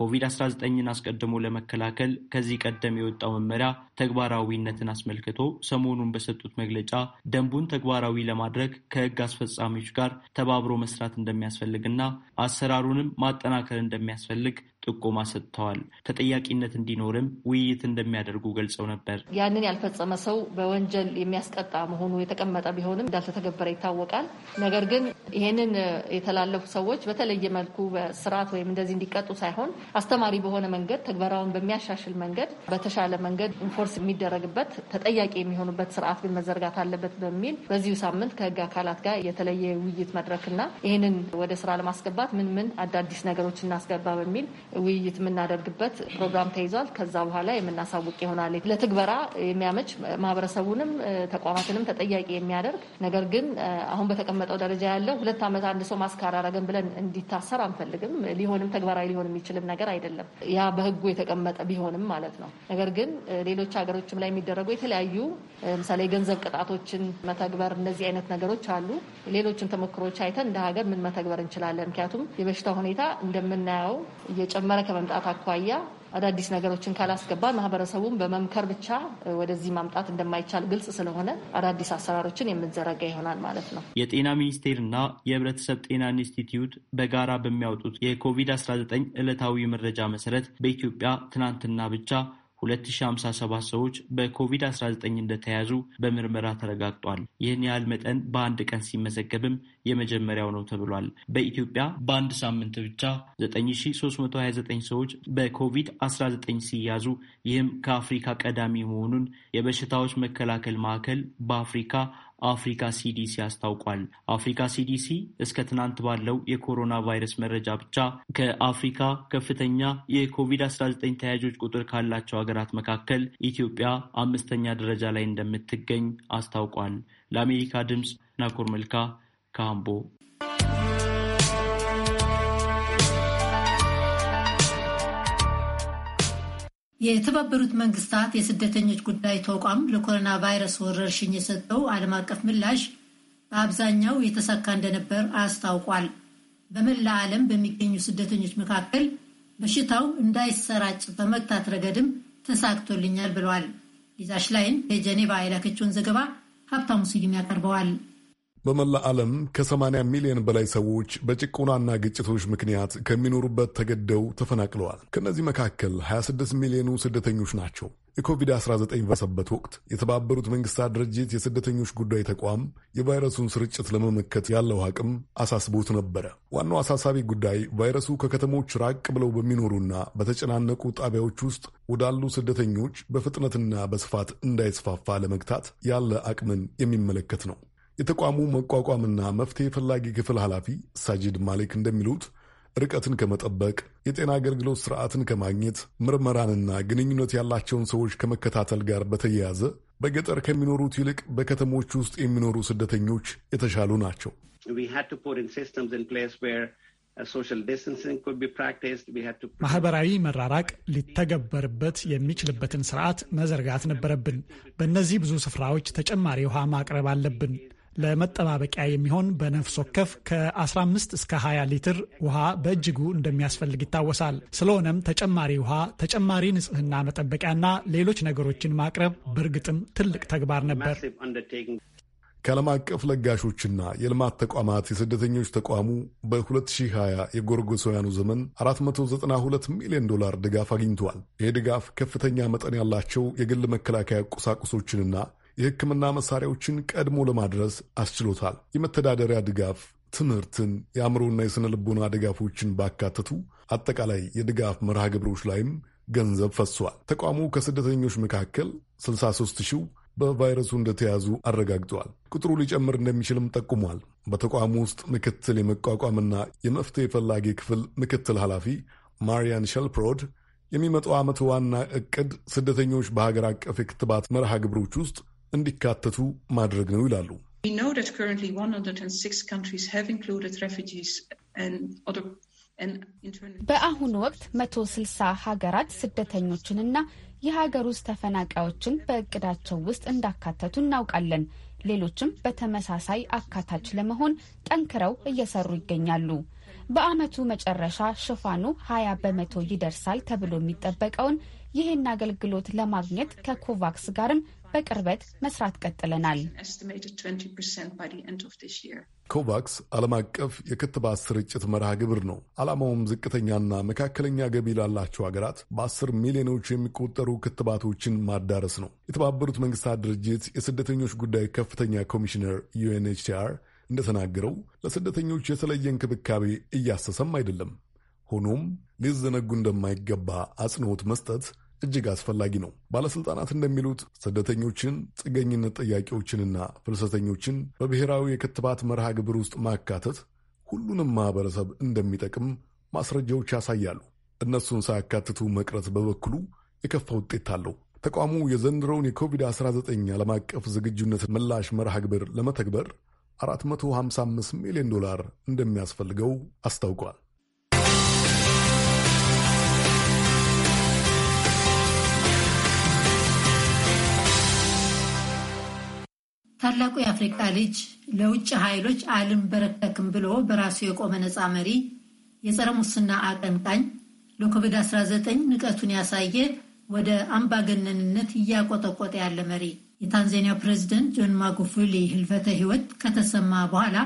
ኮቪድ-19ን አስቀድሞ ለመከላከል ከዚህ ቀደም የወጣው መመሪያ ተግባራዊነትን አስመልክቶ ሰሞኑን በሰጡት መግለጫ ደንቡን ተግባራዊ ለማድረግ ከህግ አስፈጻሚዎች ጋር ተባብሮ መስራት እንደሚያስፈልግና አሰራሩንም ማጠናከር እንደሚያስፈልግ ጥቆማ ሰጥተዋል። ተጠያቂነት እንዲኖርም ውይይት እንደሚያደርጉ ገልጸው ነበር። ያንን ያልፈጸመ ሰው በወንጀል የሚያስቀጣ መሆኑ የተቀመጠ ቢሆንም እንዳልተተገበረ ይታወቃል። ነገር ግን ይህንን የተላለፉ ሰዎች በተለየ መልኩ በስርዓት ወይም እንደዚህ እንዲቀጡ ሳይሆን አስተማሪ በሆነ መንገድ ተግበራውን በሚያሻሽል መንገድ በተሻለ መንገድ እንዲደርስ የሚደረግበት ተጠያቂ የሚሆኑበት ስርዓት ግን መዘርጋት አለበት በሚል በዚሁ ሳምንት ከህግ አካላት ጋር የተለየ ውይይት መድረክና ይህንን ወደ ስራ ለማስገባት ምን ምን አዳዲስ ነገሮች እናስገባ በሚል ውይይት የምናደርግበት ፕሮግራም ተይዟል። ከዛ በኋላ የምናሳውቅ ይሆናል። ለትግበራ የሚያመች ማህበረሰቡንም ተቋማትንም ተጠያቂ የሚያደርግ ነገር ግን አሁን በተቀመጠው ደረጃ ያለው ሁለት ዓመት አንድ ሰው ማስካራረገን ብለን እንዲታሰር አንፈልግም። ሊሆንም ተግባራዊ ሊሆን የሚችልም ነገር አይደለም። ያ በህጉ የተቀመጠ ቢሆንም ማለት ነው። ነገር ግን ሌሎች ሀገሮችም ላይ የሚደረጉ የተለያዩ ለምሳሌ የገንዘብ ቅጣቶችን መተግበር እነዚህ አይነት ነገሮች አሉ። ሌሎችን ተሞክሮች አይተን እንደ ሀገር ምን መተግበር እንችላለን? ምክንያቱም የበሽታ ሁኔታ እንደምናየው እየጨመረ ከመምጣት አኳያ አዳዲስ ነገሮችን ካላስገባ ማህበረሰቡን በመምከር ብቻ ወደዚህ ማምጣት እንደማይቻል ግልጽ ስለሆነ አዳዲስ አሰራሮችን የምንዘረጋ ይሆናል ማለት ነው። የጤና ሚኒስቴርና የህብረተሰብ ጤና ኢንስቲትዩት በጋራ በሚያወጡት የኮቪድ-19 ዕለታዊ መረጃ መሰረት በኢትዮጵያ ትናንትና ብቻ 2057 ሰዎች በኮቪድ-19 እንደተያዙ በምርመራ ተረጋግጧል። ይህን ያህል መጠን በአንድ ቀን ሲመዘገብም የመጀመሪያው ነው ተብሏል። በኢትዮጵያ በአንድ ሳምንት ብቻ 9329 ሰዎች በኮቪድ-19 ሲያዙ ይህም ከአፍሪካ ቀዳሚ መሆኑን የበሽታዎች መከላከል ማዕከል በአፍሪካ አፍሪካ ሲዲሲ አስታውቋል። አፍሪካ ሲዲሲ እስከ ትናንት ባለው የኮሮና ቫይረስ መረጃ ብቻ ከአፍሪካ ከፍተኛ የኮቪድ-19 ተያዦች ቁጥር ካላቸው ሀገራት መካከል ኢትዮጵያ አምስተኛ ደረጃ ላይ እንደምትገኝ አስታውቋል። ለአሜሪካ ድምፅ ናኮር መልካ ካምቦ የተባበሩት መንግስታት የስደተኞች ጉዳይ ተቋም ለኮሮና ቫይረስ ወረርሽኝ የሰጠው ዓለም አቀፍ ምላሽ በአብዛኛው የተሳካ እንደነበር አስታውቋል። በመላ ዓለም በሚገኙ ስደተኞች መካከል በሽታው እንዳይሰራጭ በመግታት ረገድም ተሳክቶልኛል ብለዋል። ሊዛ ሽላይን የጀኔቫ የላከችውን ዘገባ ሀብታሙ ስዩም ያቀርበዋል። በመላ ዓለም ከ80 ሚሊዮን በላይ ሰዎች በጭቆናና ግጭቶች ምክንያት ከሚኖሩበት ተገደው ተፈናቅለዋል። ከእነዚህ መካከል 26 ሚሊዮኑ ስደተኞች ናቸው። የኮቪድ-19 በሰበት ወቅት የተባበሩት መንግስታት ድርጅት የስደተኞች ጉዳይ ተቋም የቫይረሱን ስርጭት ለመመከት ያለው አቅም አሳስቦት ነበረ። ዋናው አሳሳቢ ጉዳይ ቫይረሱ ከከተሞች ራቅ ብለው በሚኖሩና በተጨናነቁ ጣቢያዎች ውስጥ ወዳሉ ስደተኞች በፍጥነትና በስፋት እንዳይስፋፋ ለመግታት ያለ አቅምን የሚመለከት ነው። የተቋሙ መቋቋምና መፍትሄ ፈላጊ ክፍል ኃላፊ ሳጂድ ማሌክ እንደሚሉት ርቀትን ከመጠበቅ የጤና አገልግሎት ስርዓትን ከማግኘት ምርመራንና ግንኙነት ያላቸውን ሰዎች ከመከታተል ጋር በተያያዘ በገጠር ከሚኖሩት ይልቅ በከተሞች ውስጥ የሚኖሩ ስደተኞች የተሻሉ ናቸው። uh, ማህበራዊ መራራቅ ሊተገበርበት የሚችልበትን ስርዓት መዘርጋት ነበረብን። በእነዚህ ብዙ ስፍራዎች ተጨማሪ ውሃ ማቅረብ አለብን። ለመጠባበቂያ የሚሆን በነፍስ ወከፍ ከ15 እስከ 20 ሊትር ውሃ በእጅጉ እንደሚያስፈልግ ይታወሳል። ስለሆነም ተጨማሪ ውሃ፣ ተጨማሪ ንጽህና መጠበቂያና ሌሎች ነገሮችን ማቅረብ በእርግጥም ትልቅ ተግባር ነበር። ከዓለም አቀፍ ለጋሾችና የልማት ተቋማት የስደተኞች ተቋሙ በ2020 የጎርጎሳውያኑ ዘመን 492 ሚሊዮን ዶላር ድጋፍ አግኝተዋል። ይህ ድጋፍ ከፍተኛ መጠን ያላቸው የግል መከላከያ ቁሳቁሶችንና የሕክምና መሳሪያዎችን ቀድሞ ለማድረስ አስችሎታል። የመተዳደሪያ ድጋፍ ትምህርትን፣ የአእምሮና የሥነ ልቦና ድጋፎችን ባካተቱ አጠቃላይ የድጋፍ መርሃ ግብሮች ላይም ገንዘብ ፈሷል። ተቋሙ ከስደተኞች መካከል 63 ሺው በቫይረሱ እንደተያዙ አረጋግጠዋል። ቁጥሩ ሊጨምር እንደሚችልም ጠቁሟል። በተቋሙ ውስጥ ምክትል የመቋቋምና የመፍትሄ ፈላጊ ክፍል ምክትል ኃላፊ ማሪያን ሸልፕሮድ የሚመጣው ዓመት ዋና ዕቅድ ስደተኞች በሀገር አቀፍ የክትባት መርሃ ግብሮች ውስጥ እንዲካተቱ ማድረግ ነው ይላሉ። በአሁኑ ወቅት መቶ ስልሳ ሀገራት ስደተኞችንና የሀገር ውስጥ ተፈናቃዮችን በእቅዳቸው ውስጥ እንዳካተቱ እናውቃለን። ሌሎችም በተመሳሳይ አካታች ለመሆን ጠንክረው እየሰሩ ይገኛሉ። በዓመቱ መጨረሻ ሽፋኑ 20 በመቶ ይደርሳል ተብሎ የሚጠበቀውን ይህን አገልግሎት ለማግኘት ከኮቫክስ ጋርም በቅርበት መስራት ቀጥለናል። ኮቫክስ ዓለም አቀፍ የክትባት ስርጭት መርሃ ግብር ነው። ዓላማውም ዝቅተኛና መካከለኛ ገቢ ላላቸው ሀገራት በአስር ሚሊዮኖች የሚቆጠሩ ክትባቶችን ማዳረስ ነው። የተባበሩት መንግስታት ድርጅት የስደተኞች ጉዳይ ከፍተኛ ኮሚሽነር ዩኤንኤችሲአር እንደተናገረው ለስደተኞች የተለየ እንክብካቤ እያሰሰም አይደለም። ሆኖም ሊዘነጉ እንደማይገባ አጽንኦት መስጠት እጅግ አስፈላጊ ነው። ባለሥልጣናት እንደሚሉት ስደተኞችን፣ ጥገኝነት ጠያቂዎችንና ፍልሰተኞችን በብሔራዊ የክትባት መርሃ ግብር ውስጥ ማካተት ሁሉንም ማህበረሰብ እንደሚጠቅም ማስረጃዎች ያሳያሉ። እነሱን ሳያካትቱ መቅረት በበኩሉ የከፋ ውጤት አለው። ተቋሙ የዘንድሮውን የኮቪድ-19 ዓለም አቀፍ ዝግጁነት ምላሽ መርሃ ግብር ለመተግበር 455 ሚሊዮን ዶላር እንደሚያስፈልገው አስታውቋል። ታላቁ የአፍሪቃ ልጅ ለውጭ ኃይሎች አልንበረከክም ብሎ በራሱ የቆመ ነፃ መሪ፣ የጸረ ሙስና አቀንቃኝ፣ ለኮቪድ-19 ንቀቱን ያሳየ ወደ አምባገነንነት እያቆጠቆጠ ያለ መሪ። የታንዛኒያ ፕሬዚደንት ጆን ማጉፉሊ ህልፈተ ህይወት ከተሰማ በኋላ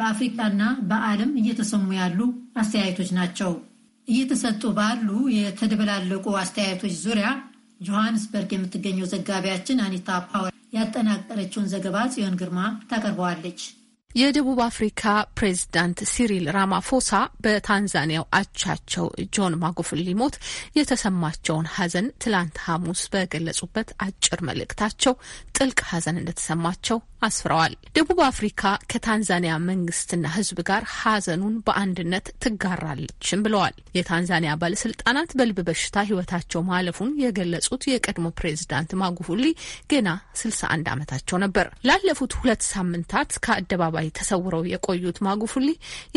በአፍሪቃና በዓለም እየተሰሙ ያሉ አስተያየቶች ናቸው። እየተሰጡ ባሉ የተደበላለቁ አስተያየቶች ዙሪያ ጆሃንስበርግ የምትገኘው ዘጋቢያችን አኒታ ፓወር ያጠናቀረችውን ዘገባ ጽዮን ግርማ ታቀርበዋለች። የደቡብ አፍሪካ ፕሬዝዳንት ሲሪል ራማፎሳ በታንዛኒያው አቻቸው ጆን ማጉፉሊ ሞት የተሰማቸውን ሐዘን ትላንት ሐሙስ በገለጹበት አጭር መልእክታቸው ጥልቅ ሐዘን እንደተሰማቸው አስፍረዋል። ደቡብ አፍሪካ ከታንዛኒያ መንግስትና ህዝብ ጋር ሐዘኑን በአንድነት ትጋራለችም ብለዋል። የታንዛኒያ ባለስልጣናት በልብ በሽታ ህይወታቸው ማለፉን የገለጹት የቀድሞ ፕሬዚዳንት ማጉፉሊ ገና 61 ዓመታቸው ነበር። ላለፉት ሁለት ሳምንታት ከአደባባይ ተሰውረው የቆዩት ማጉፉሊ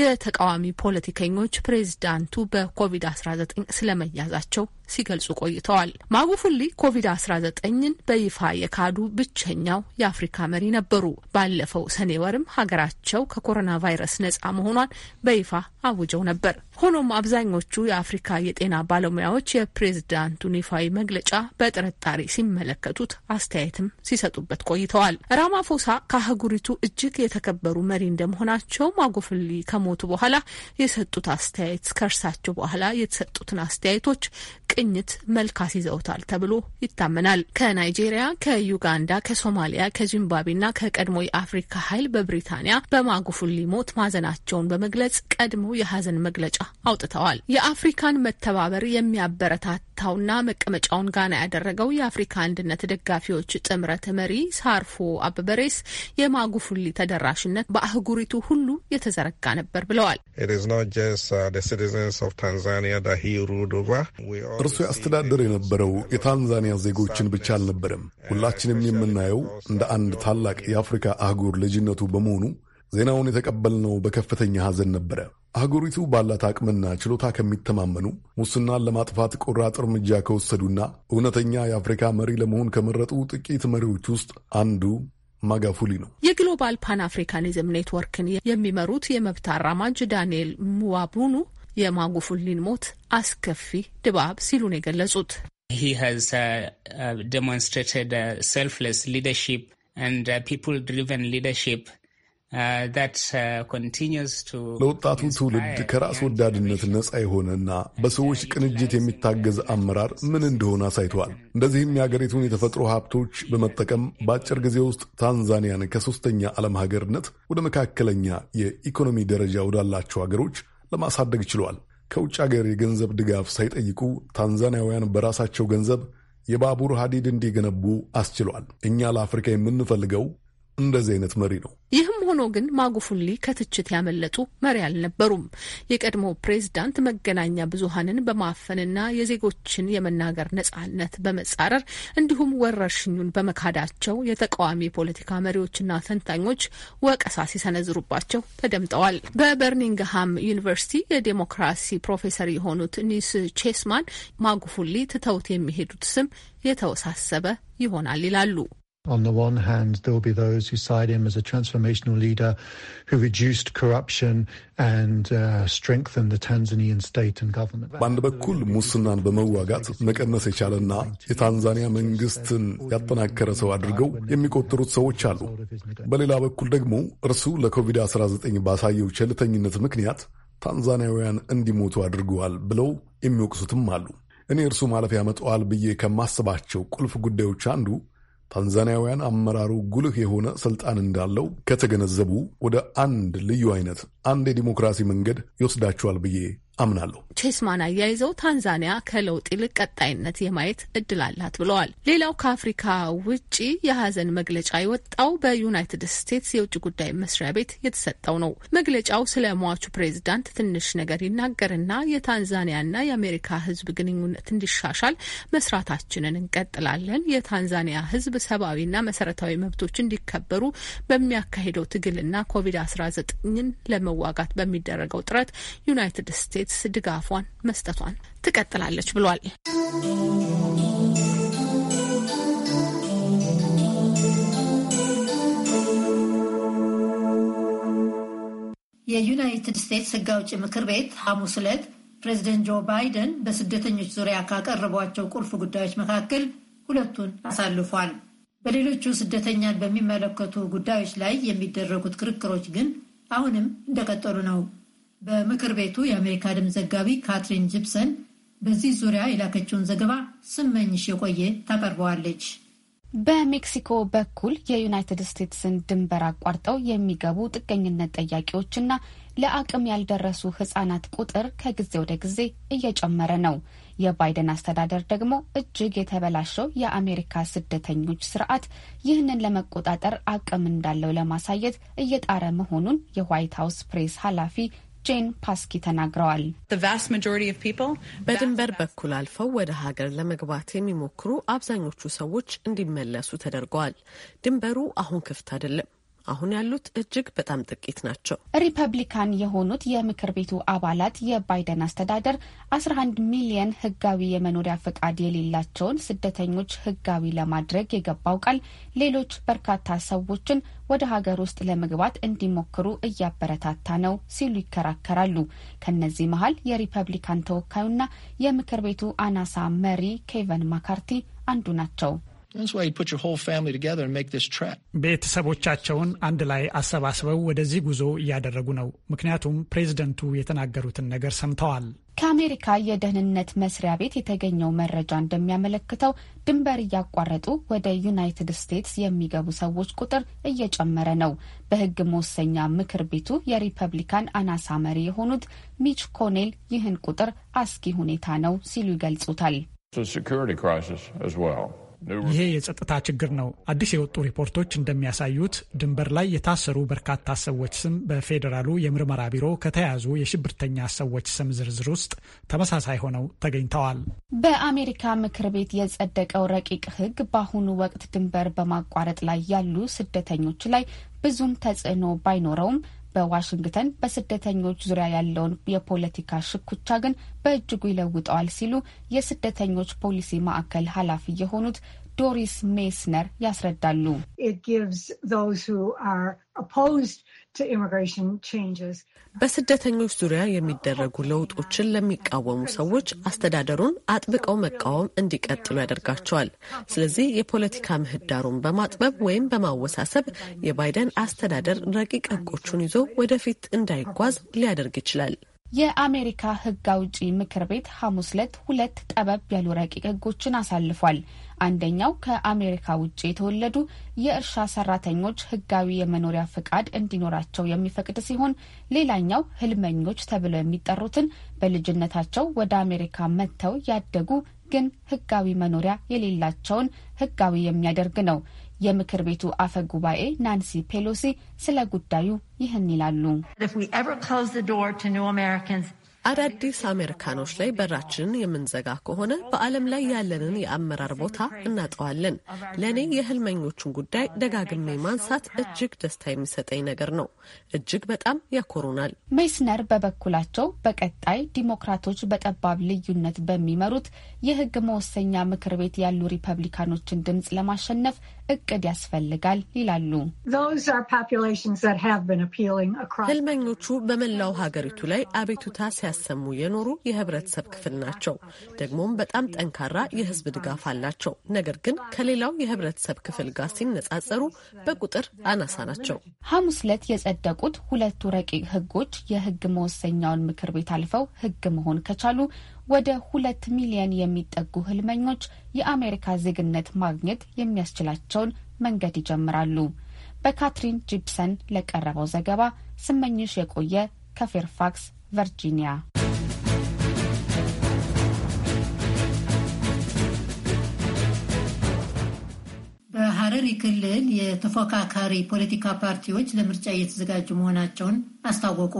የተቃዋሚ ፖለቲከኞች ፕሬዚዳንቱ በኮቪድ-19 ስለመያዛቸው ሲገልጹ ቆይተዋል። ማጉፉሊ ኮቪድ-19ን በይፋ የካዱ ብቸኛው የአፍሪካ መሪ ነበሩ። ባለፈው ሰኔ ወርም ሀገራቸው ከኮሮና ቫይረስ ነጻ መሆኗን በይፋ አውጀው ነበር። ሆኖም አብዛኞቹ የአፍሪካ የጤና ባለሙያዎች የፕሬዝዳንቱን ይፋዊ መግለጫ በጥርጣሬ ሲመለከቱት አስተያየትም ሲሰጡበት ቆይተዋል። ራማፎሳ ከአህጉሪቱ እጅግ የተከበሩ መሪ እንደመሆናቸው ማጉፍሊ ከሞቱ በኋላ የሰጡት አስተያየት ከእርሳቸው በኋላ የተሰጡትን አስተያየቶች ቅኝት መልክ አስይዘውታል ተብሎ ይታመናል። ከናይጄሪያ፣ ከዩጋንዳ፣ ከሶማሊያ፣ ከዚምባብዌና ከቀድሞ የአፍሪካ ኃይል በብሪታንያ በማጉፉሊ ሞት ማዘናቸውን በመግለጽ ቀድሞ የሀዘን መግለጫ አውጥተዋል። የአፍሪካን መተባበር የሚያበረታታ የተመታውና መቀመጫውን ጋና ያደረገው የአፍሪካ አንድነት ደጋፊዎች ጥምረት መሪ ሳርፎ አበበሬስ የማጉፉሊ ተደራሽነት በአህጉሪቱ ሁሉ የተዘረጋ ነበር ብለዋል። uh, እርሱ ያስተዳደር የነበረው የታንዛኒያ ዜጎችን ብቻ አልነበረም። ሁላችንም የምናየው እንደ አንድ ታላቅ የአፍሪካ አህጉር ልጅነቱ በመሆኑ ዜናውን የተቀበልነው በከፍተኛ ሐዘን ነበረ። አህጉሪቱ ባላት አቅምና ችሎታ ከሚተማመኑ ሙስናን ለማጥፋት ቆራጥ እርምጃ ከወሰዱና እውነተኛ የአፍሪካ መሪ ለመሆን ከመረጡ ጥቂት መሪዎች ውስጥ አንዱ ማጋፉሊ ነው። የግሎባል ፓን አፍሪካኒዝም ኔትወርክን የሚመሩት የመብት አራማጅ ዳንኤል ሙዋቡኑ የማጉፉሊን ሞት አስከፊ ድባብ ሲሉ ነው የገለጹት። ሂ ሃዝ ዴሞንስትሬትድ ሰልፍለስ ድሪቨን ሊደርሺፕ Uh, uh, ለወጣቱ ትውልድ ከራስ ወዳድነት ነጻ የሆነና uh, በሰዎች ቅንጅት የሚታገዝ አመራር ምን እንደሆነ አሳይተዋል። እንደዚህም የአገሪቱን የተፈጥሮ ሀብቶች በመጠቀም በአጭር ጊዜ ውስጥ ታንዛኒያን ከሶስተኛ ዓለም ሀገርነት ወደ መካከለኛ የኢኮኖሚ ደረጃ ወዳላቸው ሀገሮች ለማሳደግ ችሏል። ከውጭ ሀገር የገንዘብ ድጋፍ ሳይጠይቁ ታንዛኒያውያን በራሳቸው ገንዘብ የባቡር ሀዲድ እንዲገነቡ አስችሏል። እኛ ለአፍሪካ የምንፈልገው እንደዚህ አይነት መሪ ነው። ይህም ሆኖ ግን ማጉፉሊ ከትችት ያመለጡ መሪ አልነበሩም። የቀድሞ ፕሬዝዳንት መገናኛ ብዙሀንን በማፈንና የዜጎችን የመናገር ነጻነት በመጻረር እንዲሁም ወረርሽኙን በመካዳቸው የተቃዋሚ የፖለቲካ መሪዎችና ተንታኞች ወቀሳ ሲሰነዝሩባቸው ተደምጠዋል። በበርሚንግሃም ዩኒቨርሲቲ የዴሞክራሲ ፕሮፌሰር የሆኑት ኒስ ቼስማን ማጉፉሊ ትተውት የሚሄዱት ስም የተወሳሰበ ይሆናል ይላሉ። On the one hand, there will be those who side him as a transformational leader who reduced corruption and uh, strengthened the Tanzanian state and government. በአንድ በኩል ሙስናን በመዋጋት መቀነስ የቻለና የታንዛኒያ መንግስትን ያጠናከረ ሰው አድርገው የሚቆጠሩት ሰዎች አሉ። በሌላ በኩል ደግሞ እርሱ ለኮቪድ-19 ባሳየው ቸልተኝነት ምክንያት ታንዛኒያውያን እንዲሞቱ አድርገዋል ብለው የሚወቅሱትም አሉ። እኔ እርሱ ማለፊያ ያመጣዋል ብዬ ከማስባቸው ቁልፍ ጉዳዮች አንዱ ታንዛኒያውያን አመራሩ ጉልህ የሆነ ስልጣን እንዳለው ከተገነዘቡ ወደ አንድ ልዩ አይነት አንድ የዲሞክራሲ መንገድ ይወስዳቸዋል ብዬ አምናለሁ። ቼስማን አያይዘው ታንዛኒያ ከለውጥ ይልቅ ቀጣይነት የማየት እድል አላት ብለዋል። ሌላው ከአፍሪካ ውጪ የሀዘን መግለጫ የወጣው በዩናይትድ ስቴትስ የውጭ ጉዳይ መስሪያ ቤት የተሰጠው ነው። መግለጫው ስለ ሟቹ ፕሬዚዳንት ትንሽ ነገር ይናገርና የታንዛኒያና የአሜሪካ ሕዝብ ግንኙነት እንዲሻሻል መስራታችንን እንቀጥላለን። የታንዛኒያ ሕዝብ ሰብአዊና መሰረታዊ መብቶች እንዲከበሩ በሚያካሂደው ትግልና ኮቪድ አስራ ዘጠኝን ለመዋጋት በሚደረገው ጥረት ዩናይትድ ስቴትስ ስቴትስ ድጋፏን መስጠቷን ትቀጥላለች ብሏል። የዩናይትድ ስቴትስ ሕግ አውጪ ምክር ቤት ሐሙስ ዕለት ፕሬዚደንት ጆ ባይደን በስደተኞች ዙሪያ ካቀረቧቸው ቁልፍ ጉዳዮች መካከል ሁለቱን አሳልፏል። በሌሎቹ ስደተኛን በሚመለከቱ ጉዳዮች ላይ የሚደረጉት ክርክሮች ግን አሁንም እንደቀጠሉ ነው። በምክር ቤቱ የአሜሪካ ድምፅ ዘጋቢ ካትሪን ጂፕሰን በዚህ ዙሪያ የላከችውን ዘገባ ስመኝሽ የቆየ ታቀርበዋለች። በሜክሲኮ በኩል የዩናይትድ ስቴትስን ድንበር አቋርጠው የሚገቡ ጥገኝነት ጠያቂዎችና ለአቅም ያልደረሱ ህጻናት ቁጥር ከጊዜ ወደ ጊዜ እየጨመረ ነው። የባይደን አስተዳደር ደግሞ እጅግ የተበላሸው የአሜሪካ ስደተኞች ስርዓት ይህንን ለመቆጣጠር አቅም እንዳለው ለማሳየት እየጣረ መሆኑን የዋይት ሀውስ ፕሬስ ኃላፊ ጄን ፓስኪ ተናግረዋል። በድንበር በኩል አልፈው ወደ ሀገር ለመግባት የሚሞክሩ አብዛኞቹ ሰዎች እንዲመለሱ ተደርገዋል። ድንበሩ አሁን ክፍት አይደለም። አሁን ያሉት እጅግ በጣም ጥቂት ናቸው። ሪፐብሊካን የሆኑት የምክር ቤቱ አባላት የባይደን አስተዳደር 11 ሚሊየን ህጋዊ የመኖሪያ ፈቃድ የሌላቸውን ስደተኞች ህጋዊ ለማድረግ የገባው ቃል ሌሎች በርካታ ሰዎችን ወደ ሀገር ውስጥ ለመግባት እንዲሞክሩ እያበረታታ ነው ሲሉ ይከራከራሉ። ከነዚህ መሀል የሪፐብሊካን ተወካዩና የምክር ቤቱ አናሳ መሪ ኬቨን ማካርቲ አንዱ ናቸው። ቤተሰቦቻቸውን አንድ ላይ አሰባስበው ወደዚህ ጉዞ እያደረጉ ነው። ምክንያቱም ፕሬዝደንቱ የተናገሩትን ነገር ሰምተዋል። ከአሜሪካ የደህንነት መስሪያ ቤት የተገኘው መረጃ እንደሚያመለክተው ድንበር እያቋረጡ ወደ ዩናይትድ ስቴትስ የሚገቡ ሰዎች ቁጥር እየጨመረ ነው። በሕግ መወሰኛ ምክር ቤቱ የሪፐብሊካን አናሳ መሪ የሆኑት ሚች ኮኔል ይህን ቁጥር አስጊ ሁኔታ ነው ሲሉ ይገልጹታል። ይሄ የጸጥታ ችግር ነው። አዲስ የወጡ ሪፖርቶች እንደሚያሳዩት ድንበር ላይ የታሰሩ በርካታ ሰዎች ስም በፌዴራሉ የምርመራ ቢሮ ከተያዙ የሽብርተኛ ሰዎች ስም ዝርዝር ውስጥ ተመሳሳይ ሆነው ተገኝተዋል። በአሜሪካ ምክር ቤት የጸደቀው ረቂቅ ሕግ በአሁኑ ወቅት ድንበር በማቋረጥ ላይ ያሉ ስደተኞች ላይ ብዙም ተጽዕኖ ባይኖረውም በዋሽንግተን በስደተኞች ዙሪያ ያለውን የፖለቲካ ሽኩቻ ግን በእጅጉ ይለውጠዋል ሲሉ የስደተኞች ፖሊሲ ማዕከል ኃላፊ የሆኑት ዶሪስ ሜስነር ያስረዳሉ። በስደተኞች ዙሪያ የሚደረጉ ለውጦችን ለሚቃወሙ ሰዎች አስተዳደሩን አጥብቀው መቃወም እንዲቀጥሉ ያደርጋቸዋል። ስለዚህ የፖለቲካ ምህዳሩን በማጥበብ ወይም በማወሳሰብ የባይደን አስተዳደር ረቂቅ ሕጎቹን ይዞ ወደፊት እንዳይጓዝ ሊያደርግ ይችላል። የአሜሪካ ሕግ አውጪ ምክር ቤት ሐሙስ ዕለት ሁለት ጠበብ ያሉ ረቂቅ ሕጎችን አሳልፏል። አንደኛው ከአሜሪካ ውጭ የተወለዱ የእርሻ ሰራተኞች ህጋዊ የመኖሪያ ፍቃድ እንዲኖራቸው የሚፈቅድ ሲሆን ሌላኛው ህልመኞች ተብለው የሚጠሩትን በልጅነታቸው ወደ አሜሪካ መጥተው ያደጉ ግን ህጋዊ መኖሪያ የሌላቸውን ህጋዊ የሚያደርግ ነው። የምክር ቤቱ አፈ ጉባኤ ናንሲ ፔሎሲ ስለ ጉዳዩ ይህን ይላሉ። አዳዲስ አሜሪካኖች ላይ በራችንን የምንዘጋ ከሆነ በዓለም ላይ ያለንን የአመራር ቦታ እናጠዋለን። ለእኔ የህልመኞቹን ጉዳይ ደጋግሜ ማንሳት እጅግ ደስታ የሚሰጠኝ ነገር ነው። እጅግ በጣም ያኮሩናል። ሜስነር በበኩላቸው በቀጣይ ዲሞክራቶች በጠባብ ልዩነት በሚመሩት የህግ መወሰኛ ምክር ቤት ያሉ ሪፐብሊካኖችን ድምፅ ለማሸነፍ እቅድ ያስፈልጋል ይላሉ። ህልመኞቹ በመላው ሀገሪቱ ላይ አቤቱታ ሲያሰሙ የኖሩ የህብረተሰብ ክፍል ናቸው። ደግሞም በጣም ጠንካራ የህዝብ ድጋፍ አላቸው። ነገር ግን ከሌላው የህብረተሰብ ክፍል ጋር ሲነጻጸሩ በቁጥር አናሳ ናቸው። ሐሙስ ዕለት የጸደቁት ሁለቱ ረቂቅ ህጎች የህግ መወሰኛውን ምክር ቤት አልፈው ህግ መሆን ከቻሉ ወደ ሁለት ሚሊየን የሚጠጉ ህልመኞች የአሜሪካ ዜግነት ማግኘት የሚያስችላቸውን መንገድ ይጀምራሉ። በካትሪን ጂፕሰን ለቀረበው ዘገባ ስመኝሽ የቆየ ከፌርፋክስ ቨርጂኒያ። በሀረሪ ክልል የተፎካካሪ ፖለቲካ ፓርቲዎች ለምርጫ እየተዘጋጁ መሆናቸውን አስታወቁ።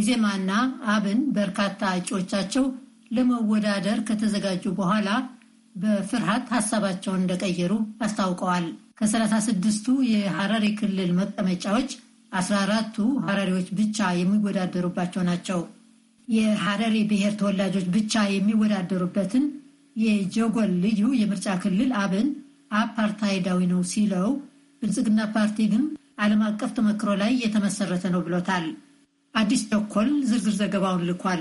ኢዜማና አብን በርካታ እጩዎቻቸው ለመወዳደር ከተዘጋጁ በኋላ በፍርሃት ሀሳባቸውን እንደቀየሩ አስታውቀዋል። ከ36ቱ የሐረሪ ክልል መቀመጫዎች 14ቱ ሐረሪዎች ብቻ የሚወዳደሩባቸው ናቸው። የሐረሪ ብሔር ተወላጆች ብቻ የሚወዳደሩበትን የጀጎል ልዩ የምርጫ ክልል አብን አፓርታይዳዊ ነው ሲለው፣ ብልጽግና ፓርቲ ግን ዓለም አቀፍ ተመክሮ ላይ የተመሰረተ ነው ብሎታል። አዲስ ቸኮል ዝርዝር ዘገባውን ልኳል።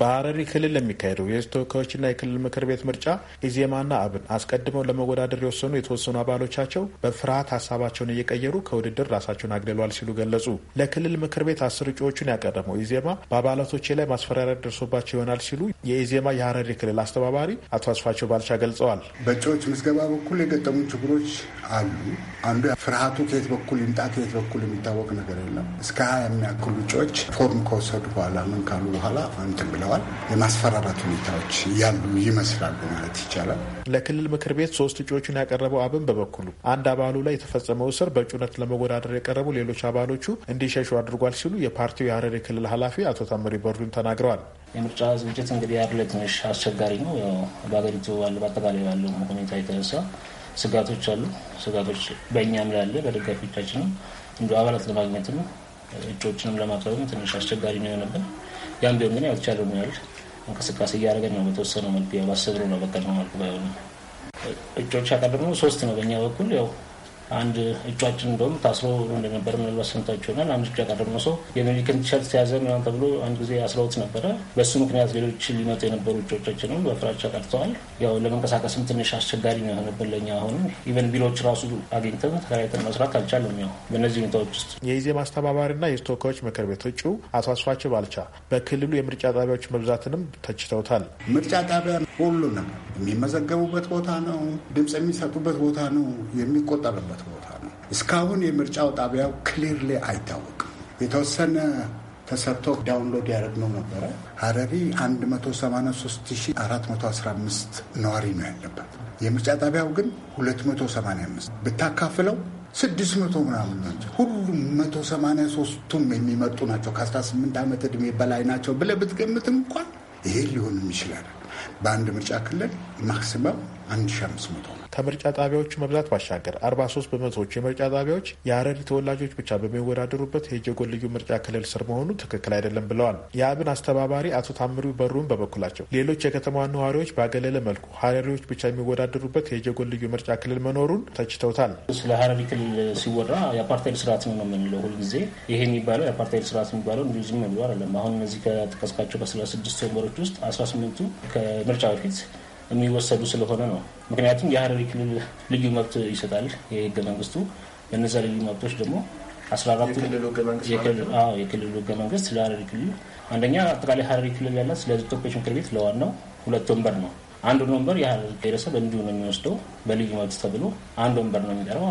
በሀረሪ ክልል ለሚካሄደው የህዝብ ተወካዮችና የክልል ምክር ቤት ምርጫ ኢዜማና አብን አስቀድመው ለመወዳደር የወሰኑ የተወሰኑ አባሎቻቸው በፍርሃት ሀሳባቸውን እየቀየሩ ከውድድር ራሳቸውን አግደሏል ሲሉ ገለጹ። ለክልል ምክር ቤት አስር እጩዎቹን ያቀረበው ኢዜማ በአባላቶች ላይ ማስፈራሪያ ደርሶባቸው ይሆናል ሲሉ የኢዜማ የሀረሪ ክልል አስተባባሪ አቶ አስፋቸው ባልቻ ገልጸዋል። በእጩዎች ምዝገባ በኩል የገጠሙ ችግሮች አሉ። አንዱ ፍርሃቱ ከየት በኩል ይምጣ ከየት በኩል የሚታወቅ ነገር የለም። እስከ ሀያ የሚያክሉ እጩዎች ፎርም ከወሰዱ በኋላ ምን ካሉ በኋላ ብለው ጀምረዋል። የማስፈራራት ሁኔታዎች ያሉ ይመስላሉ ማለት ይቻላል። ለክልል ምክር ቤት ሶስት እጩዎቹን ያቀረበው አብን በበኩሉ አንድ አባሉ ላይ የተፈጸመው እስር በእጩነት ለመወዳደር የቀረቡ ሌሎች አባሎቹ እንዲሸሹ አድርጓል ሲሉ የፓርቲው የሀረሪ ክልል ኃላፊ አቶ ተምሪ በርዱን ተናግረዋል። የምርጫ ዝግጅት እንግዲህ ያር ትንሽ አስቸጋሪ ነው። በሀገሪቱ ባለ በአጠቃላይ ባለው ሁኔታ የተነሳ ስጋቶች አሉ። ስጋቶች በእኛም ላይ በደጋፊዎቻችንም እንዲሁ አባላት ለማግኘትም እጩዎችንም ለማቅረብም ትንሽ አስቸጋሪ ነው የሆነብን ያም ቢሆን ግን ያልቻለ ነው ያሉት እንቅስቃሴ እያደረገ ነው። በተወሰነ መልኩ ያው ባሰብሮ ነው በቀድሞ መልኩ ባይሆንም እጮች ያቀደሙ ሶስት ነው በእኛ በኩል ያው አንድ እጫችን እንደውም ታስሮ እንደነበር ምናልባት ሰምታችሁ ሆናል። አንድ እጫ ያቀረብነው ሰው የአሜሪካን ቲሸርት የያዘ ሚሆን ተብሎ አንድ ጊዜ አስረውት ነበረ። በሱ ምክንያት ሌሎች ሊመጡ የነበሩ እጩዎቻችንም በፍራቻ ቀርተዋል። ያው ለመንቀሳቀስም ትንሽ አስቸጋሪ ነው የሆነብን ለኛ። አሁንም ኢቨን ቢሮዎች ራሱ አግኝተን ተከራይተን መስራት አልቻለም። ያው በእነዚህ ሁኔታዎች ውስጥ የኢዜማ አስተባባሪና የተወካዮች ምክር ቤት እጩ አሳስፋቸው ባልቻ በክልሉ የምርጫ ጣቢያዎች መብዛትንም ተችተውታል። ምርጫ ጣቢያ ሁሉ ነገር የሚመዘገቡበት ቦታ ነው። ድምፅ የሚሰጡበት ቦታ ነው። የሚቆጠርበት ቦታ ነው። እስካሁን የምርጫው ጣቢያው ክሊርሊ አይታወቅም። የተወሰነ ተሰርቶ ዳውንሎድ ያደረግነው ነበረ። ሀረሪ 183415 ነዋሪ ነው ያለበት። የምርጫ ጣቢያው ግን 285 ብታካፍለው 600 ምናምን ናቸው። ሁሉም 183ቱም የሚመጡ ናቸው። ከ18 ዓመት ዕድሜ በላይ ናቸው ብለህ ብትገምት እንኳን ይሄ ሊሆንም ይችላል። በአንድ ምርጫ ክልል ማክሲመም 1500 ነው። ከምርጫ ጣቢያዎቹ መብዛት ባሻገር 43 በመቶዎቹ የምርጫ ጣቢያዎች የሀረሪ ተወላጆች ብቻ በሚወዳደሩበት የጀጎል ልዩ ምርጫ ክልል ስር መሆኑ ትክክል አይደለም ብለዋል። የአብን አስተባባሪ አቶ ታምሪ በሩን በበኩላቸው ሌሎች የከተማዋ ነዋሪዎች ባገለለ መልኩ ሀረሪዎች ብቻ የሚወዳደሩበት የጀጎል ልዩ ምርጫ ክልል መኖሩን ተችተውታል። ስለ ሀረሪ ክልል ሲወራ የአፓርታይድ ስርዓት ነው ነው ሁልጊዜ። ይሄ የሚባለው የአፓርታይድ ስርዓት የሚባለው እንዲሁ ዝም ብሎ አይደለም። አሁን እነዚህ ከጠቀስካቸው ከስልሳ ወንበሮች ውስጥ አስራ ስምንቱ ከምርጫ በፊት የሚወሰዱ ስለሆነ ነው። ምክንያቱም የሀረሪ ክልል ልዩ መብት ይሰጣል የህገ መንግስቱ። በነዚ ልዩ መብቶች ደግሞ አስራ አራቱ የክልሉ ህገ መንግስት ለሀረሪ ክልል አንደኛ አጠቃላይ ሀረሪ ክልል ያላት ስለ ተወካዮች ምክር ቤት ለዋናው ሁለት ወንበር ነው። አንዱን ወንበር የሀረሪ ብሔረሰብ እንዲሁ ነው የሚወስደው በልዩ መብት ተብሎ አንድ ወንበር ነው የሚጠራው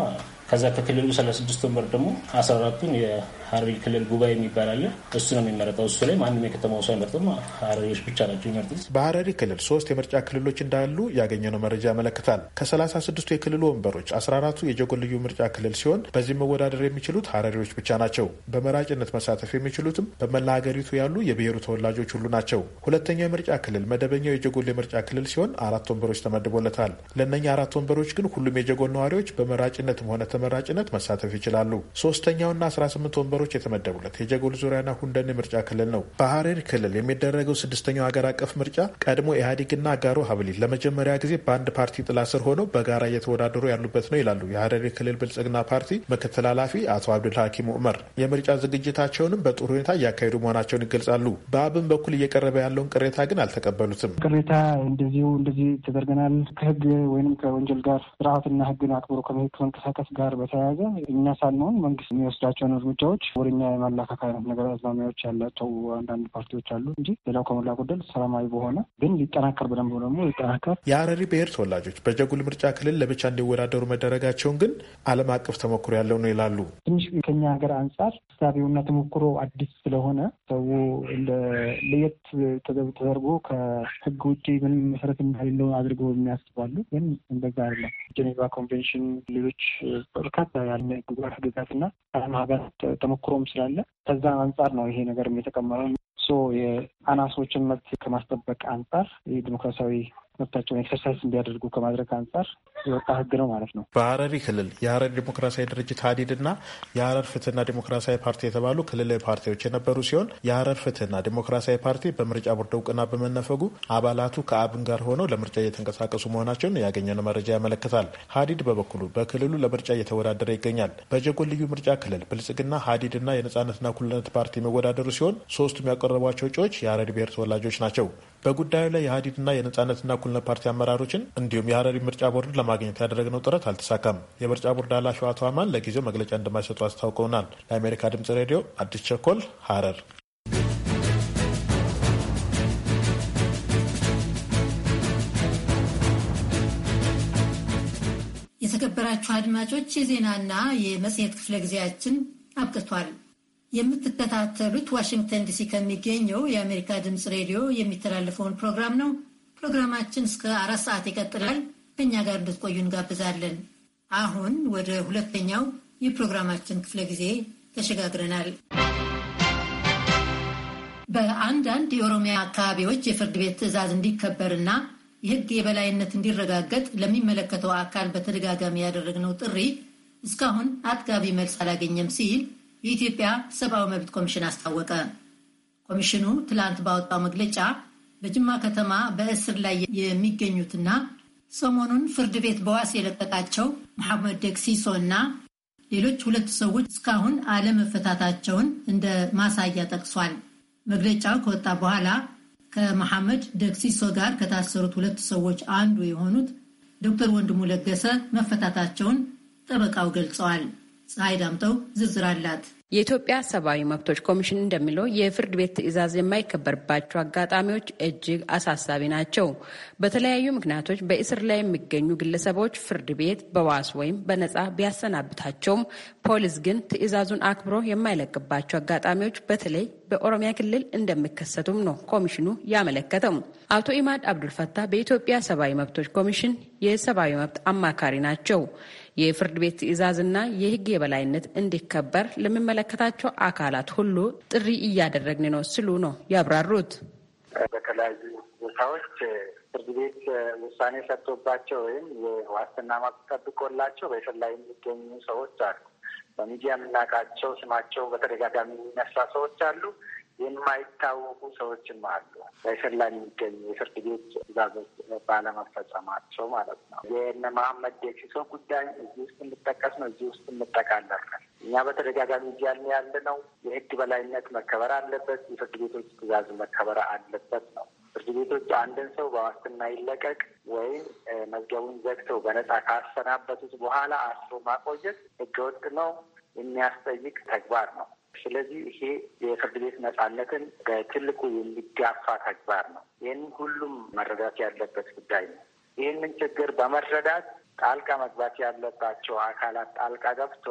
ከዛ ከክልሉ 36 ወንበር ደግሞ 14ቱን የሀረሪ ክልል ጉባኤ የሚባል አለ። እሱ ነው የሚመረጠው። እሱ ላይ ማንም የከተማው ሰው አይመርጥም። ሀረሪዎች ብቻ ናቸው የሚመርጡት። በሀረሪ ክልል ሶስት የምርጫ ክልሎች እንዳሉ ያገኘነው መረጃ ያመለክታል። ከ36ቱ የክልሉ ወንበሮች 14ቱ የጀጎል ልዩ ምርጫ ክልል ሲሆን በዚህ መወዳደር የሚችሉት ሀረሪዎች ብቻ ናቸው። በመራጭነት መሳተፍ የሚችሉትም በመላ ሀገሪቱ ያሉ የብሔሩ ተወላጆች ሁሉ ናቸው። ሁለተኛው የምርጫ ክልል መደበኛው የጀጎል የምርጫ ክልል ሲሆን አራት ወንበሮች ተመድቦለታል። ለእነኛ አራት ወንበሮች ግን ሁሉም የጀጎል ነዋሪዎች በመራጭነትም ሆነ ተመራጭነት መሳተፍ ይችላሉ። ሶስተኛውና 18 ወንበሮች የተመደቡለት የጀጎል ዙሪያና ሁንደን ምርጫ ክልል ነው። በሀረሪ ክልል የሚደረገው ስድስተኛው ሀገር አቀፍ ምርጫ ቀድሞ ኢህአዴግና ጋሮ ሀብሊ ለመጀመሪያ ጊዜ በአንድ ፓርቲ ጥላ ስር ሆነው በጋራ እየተወዳደሩ ያሉበት ነው ይላሉ የሀረሪ ክልል ብልጽግና ፓርቲ ምክትል ኃላፊ አቶ አብዱል ሐኪም ኡመር። የምርጫ ዝግጅታቸውንም በጥሩ ሁኔታ እያካሄዱ መሆናቸውን ይገልጻሉ። በአብን በኩል እየቀረበ ያለውን ቅሬታ ግን አልተቀበሉትም። ቅሬታ እንደዚሁ እንደዚህ ተደርገናል ከህግ ወይም ከወንጀል ጋር ስርዓትና ህግን አክብሮ ከመንቀሳቀስ ጋር ጋር በተያያዘ እኛ ሳንሆን መንግስት የሚወስዳቸውን እርምጃዎች ወደኛ የማላካካ አይነት ነገር አዝማሚያዎች ያላቸው አንዳንድ ፓርቲዎች አሉ እንጂ ሌላው ከሞላ ጎደል ሰላማዊ በሆነ ግን ሊጠናከር በደንብ ደግሞ ሊጠናከር የሀረሪ ብሔር ተወላጆች በጀጉል ምርጫ ክልል ለብቻ እንዲወዳደሩ መደረጋቸውን ግን ዓለም አቀፍ ተሞክሮ ያለው ነው ይላሉ። ትንሽ ከኛ ሀገር አንጻር ሳቢውና ተሞክሮ አዲስ ስለሆነ ሰው እንደ ለየት ተደርጎ ከህግ ውጭ ምንም መሰረት እንዳሌለው አድርገው የሚያስባሉ ግን እንደዛ አይደለም። ጄኔቫ ኮንቬንሽን ሌሎች በርካታ ያለ ጉባኤ ህግጋትና ዓለም ሀገራት ተሞክሮም ስላለ ከዛ አንጻር ነው ይሄ ነገር የተቀመረው። ሶ የአናሶችን መብት ከማስጠበቅ አንጻር የዲሞክራሲያዊ መብታቸውን ኤክሰርሳይዝ እንዲያደርጉ ከማድረግ አንጻር የወጣ ህግ ነው ማለት ነው። በሀረሪ ክልል የሀረር ዲሞክራሲያዊ ድርጅት ሀዲድ እና የሀረር ፍትህና ዲሞክራሲያዊ ፓርቲ የተባሉ ክልላዊ ፓርቲዎች የነበሩ ሲሆን የሀረር ፍትህና ዲሞክራሲያዊ ፓርቲ በምርጫ ቦርድ እውቅና በመነፈጉ አባላቱ ከአብን ጋር ሆነው ለምርጫ እየተንቀሳቀሱ መሆናቸውን ያገኘነው መረጃ ያመለክታል። ሀዲድ በበኩሉ በክልሉ ለምርጫ እየተወዳደረ ይገኛል። በጀጎል ልዩ ምርጫ ክልል ብልጽግና፣ ሀዲድና የነጻነትና እኩልነት ፓርቲ የሚወዳደሩ ሲሆን ሶስቱም ያቀረቧቸው እጩዎች የሀረሪ ብሔር ተወላጆች ናቸው። በጉዳዩ ላይ የሀዲድና የነጻነትና እኩልነት ፓርቲ አመራሮችን እንዲሁም የሀረሪ ምርጫ ቦርድን ለማግኘት ያደረግነው ጥረት አልተሳካም። የምርጫ ቦርድ ኃላፊ አቶ አማን ለጊዜው መግለጫ እንደማይሰጡ አስታውቀውናል። ለአሜሪካ ድምጽ ሬዲዮ አዲስ ቸኮል ሀረር። የተከበራችሁ አድማጮች የዜናና የመጽሔት ክፍለ ጊዜያችን አብቅቷል። የምትከታተሉት ዋሽንግተን ዲሲ ከሚገኘው የአሜሪካ ድምፅ ሬዲዮ የሚተላለፈውን ፕሮግራም ነው። ፕሮግራማችን እስከ አራት ሰዓት ይቀጥላል። ከእኛ ጋር እንድትቆዩ እንጋብዛለን። አሁን ወደ ሁለተኛው የፕሮግራማችን ክፍለ ጊዜ ተሸጋግረናል። በአንዳንድ የኦሮሚያ አካባቢዎች የፍርድ ቤት ትዕዛዝ እንዲከበርና የሕግ የበላይነት እንዲረጋገጥ ለሚመለከተው አካል በተደጋጋሚ ያደረግነው ጥሪ እስካሁን አጥጋቢ መልስ አላገኘም ሲል የኢትዮጵያ ሰብአዊ መብት ኮሚሽን አስታወቀ። ኮሚሽኑ ትላንት ባወጣው መግለጫ በጅማ ከተማ በእስር ላይ የሚገኙትና ሰሞኑን ፍርድ ቤት በዋስ የለቀቃቸው መሐመድ ደክሲሶ እና ሌሎች ሁለት ሰዎች እስካሁን አለመፈታታቸውን እንደ ማሳያ ጠቅሷል። መግለጫው ከወጣ በኋላ ከመሐመድ ደክሲሶ ጋር ከታሰሩት ሁለት ሰዎች አንዱ የሆኑት ዶክተር ወንድሙ ለገሰ መፈታታቸውን ጠበቃው ገልጸዋል። ፀሐይ ዳምጠው ዝርዝር አላት። የኢትዮጵያ ሰብአዊ መብቶች ኮሚሽን እንደሚለው የፍርድ ቤት ትዕዛዝ የማይከበርባቸው አጋጣሚዎች እጅግ አሳሳቢ ናቸው። በተለያዩ ምክንያቶች በእስር ላይ የሚገኙ ግለሰቦች ፍርድ ቤት በዋስ ወይም በነጻ ቢያሰናብታቸውም ፖሊስ ግን ትዕዛዙን አክብሮ የማይለቅባቸው አጋጣሚዎች በተለይ በኦሮሚያ ክልል እንደሚከሰቱም ነው ኮሚሽኑ ያመለከተው። አቶ ኢማድ አብዱልፈታ በኢትዮጵያ ሰብአዊ መብቶች ኮሚሽን የሰብአዊ መብት አማካሪ ናቸው። የፍርድ ቤት ትዕዛዝና የህግ የበላይነት እንዲከበር ለሚመለከታቸው አካላት ሁሉ ጥሪ እያደረግን ነው ሲሉ ነው ያብራሩት። በተለያዩ ቦታዎች ፍርድ ቤት ውሳኔ ሰጥቶባቸው ወይም የዋስትና መብት ጠብቆላቸው በእስር ላይ የሚገኙ ሰዎች አሉ። በሚዲያ የምናውቃቸው ስማቸው በተደጋጋሚ የሚነሳ ሰዎች አሉ። የማይታወቁ ሰዎችም አሉ። በእስር ላይ የሚገኙ የፍርድ ቤት ትዕዛዞች ባለመፈጸማቸው ማለት ነው። የእነ መሀመድ ደሲሶ ጉዳይ እዚህ ውስጥ የምጠቀስ ነው፣ እዚህ ውስጥ እንጠቃለፍ እኛ በተደጋጋሚ እያልን ያለ ነው። የህግ በላይነት መከበር አለበት፣ የፍርድ ቤቶች ትዕዛዝ መከበር አለበት ነው። ፍርድ ቤቶች አንድን ሰው በዋስትና ይለቀቅ ወይም መዝገቡን ዘግተው በነጻ ካሰናበቱት በኋላ አስሮ ማቆየት ህገወጥ ነው፣ የሚያስጠይቅ ተግባር ነው። ስለዚህ ይሄ የፍርድ ቤት ነጻነትን በትልቁ የሚጋፋ ተግባር ነው። ይህን ሁሉም መረዳት ያለበት ጉዳይ ነው። ይህንን ችግር በመረዳት ጣልቃ መግባት ያለባቸው አካላት ጣልቃ ገብቶ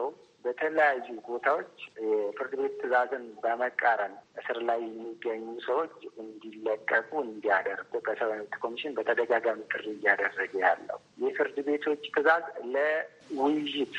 በተለያዩ ቦታዎች የፍርድ ቤት ትዕዛዝን በመቃረን እስር ላይ የሚገኙ ሰዎች እንዲለቀቁ እንዲያደርጉ ከሰብአዊ መብት ኮሚሽን በተደጋጋሚ ጥሪ እያደረገ ያለው የፍርድ ቤቶች ትዕዛዝ ለውይይት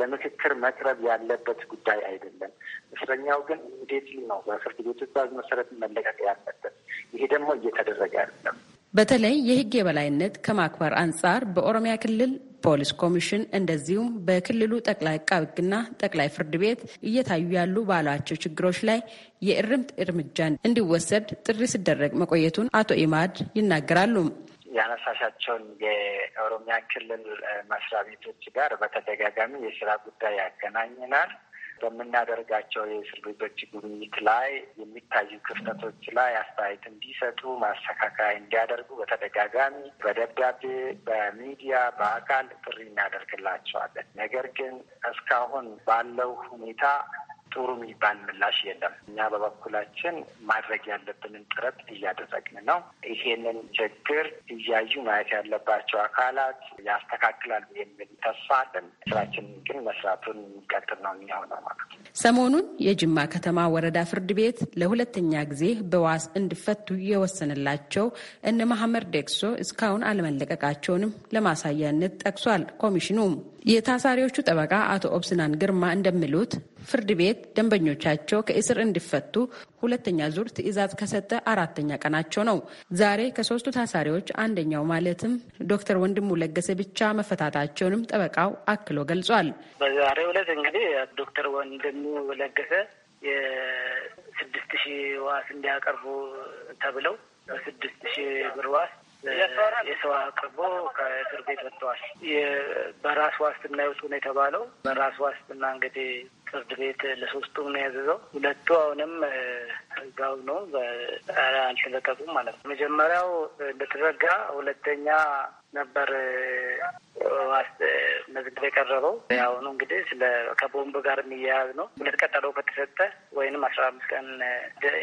ለምክክር መቅረብ ያለበት ጉዳይ አይደለም። እስረኛው ግን እንዴት ነው በፍርድ ቤት ትዕዛዝ መሰረት መለቀቅ ያለበት? ይሄ ደግሞ እየተደረገ አይደለም። በተለይ የህግ የበላይነት ከማክበር አንጻር በኦሮሚያ ክልል ፖሊስ ኮሚሽን እንደዚሁም በክልሉ ጠቅላይ አቃቤ ሕግና ጠቅላይ ፍርድ ቤት እየታዩ ያሉ ባሏቸው ችግሮች ላይ የእርምት እርምጃ እንዲወሰድ ጥሪ ሲደረግ መቆየቱን አቶ ኢማድ ይናገራሉ። ያነሳሻቸውን የኦሮሚያ ክልል መስሪያ ቤቶች ጋር በተደጋጋሚ የስራ ጉዳይ ያገናኘናል። በምናደርጋቸው የእስር ቤቶች ጉብኝት ላይ የሚታዩ ክፍተቶች ላይ አስተያየት እንዲሰጡ ማስተካከያ እንዲያደርጉ በተደጋጋሚ በደብዳቤ፣ በሚዲያ፣ በአካል ጥሪ እናደርግላቸዋለን። ነገር ግን እስካሁን ባለው ሁኔታ ጥሩ የሚባል ምላሽ የለም። እኛ በበኩላችን ማድረግ ያለብንን ጥረት እያደረግን ነው። ይሄንን ችግር እያዩ ማየት ያለባቸው አካላት ያስተካክላሉ የሚል ተስፋ አለን። ስራችን ግን መስራቱን የሚቀጥል ነው የሚሆነው ማለት ነው። ሰሞኑን የጅማ ከተማ ወረዳ ፍርድ ቤት ለሁለተኛ ጊዜ በዋስ እንዲፈቱ የወሰነላቸው እነ መሐመድ ደግሶ እስካሁን አለመለቀቃቸውንም ለማሳያነት ጠቅሷል። ኮሚሽኑ የታሳሪዎቹ ጠበቃ አቶ ኦብስናን ግርማ እንደሚሉት ፍርድ ቤት ደንበኞቻቸው ከእስር እንዲፈቱ ሁለተኛ ዙር ትዕዛዝ ከሰጠ አራተኛ ቀናቸው ነው። ዛሬ ከሶስቱ ታሳሪዎች አንደኛው ማለትም ዶክተር ወንድሙ ለገሰ ብቻ መፈታታቸውንም ጠበቃው አክሎ ገልጿል። በዛሬው ዕለት እንግዲህ ዶክተር ወንድም ደግሞ ለገሰ የስድስት ሺህ ዋስ እንዲያቀርቡ ተብለው ስድስት ሺህ ብር ዋስ የሰው አቅርቦ ከእስር ቤት ወጥተዋል። በራስ ዋስትና ይውጡ ነው የተባለው። በራስ ዋስትና እንግዲህ ፍርድ ቤት ለሶስቱም ነው ያዘዘው። ሁለቱ አሁንም እዛው ነው፣ አልተለቀቁም ማለት ነው። መጀመሪያው እንደተዘጋ ሁለተኛ ነበር መዝግብ የቀረበው። አሁኑ እንግዲህ ስለ ከቦምብ ጋር የሚያያዝ ነው። ሁለት ቀጠሮ ከተሰጠ ወይንም አስራ አምስት ቀን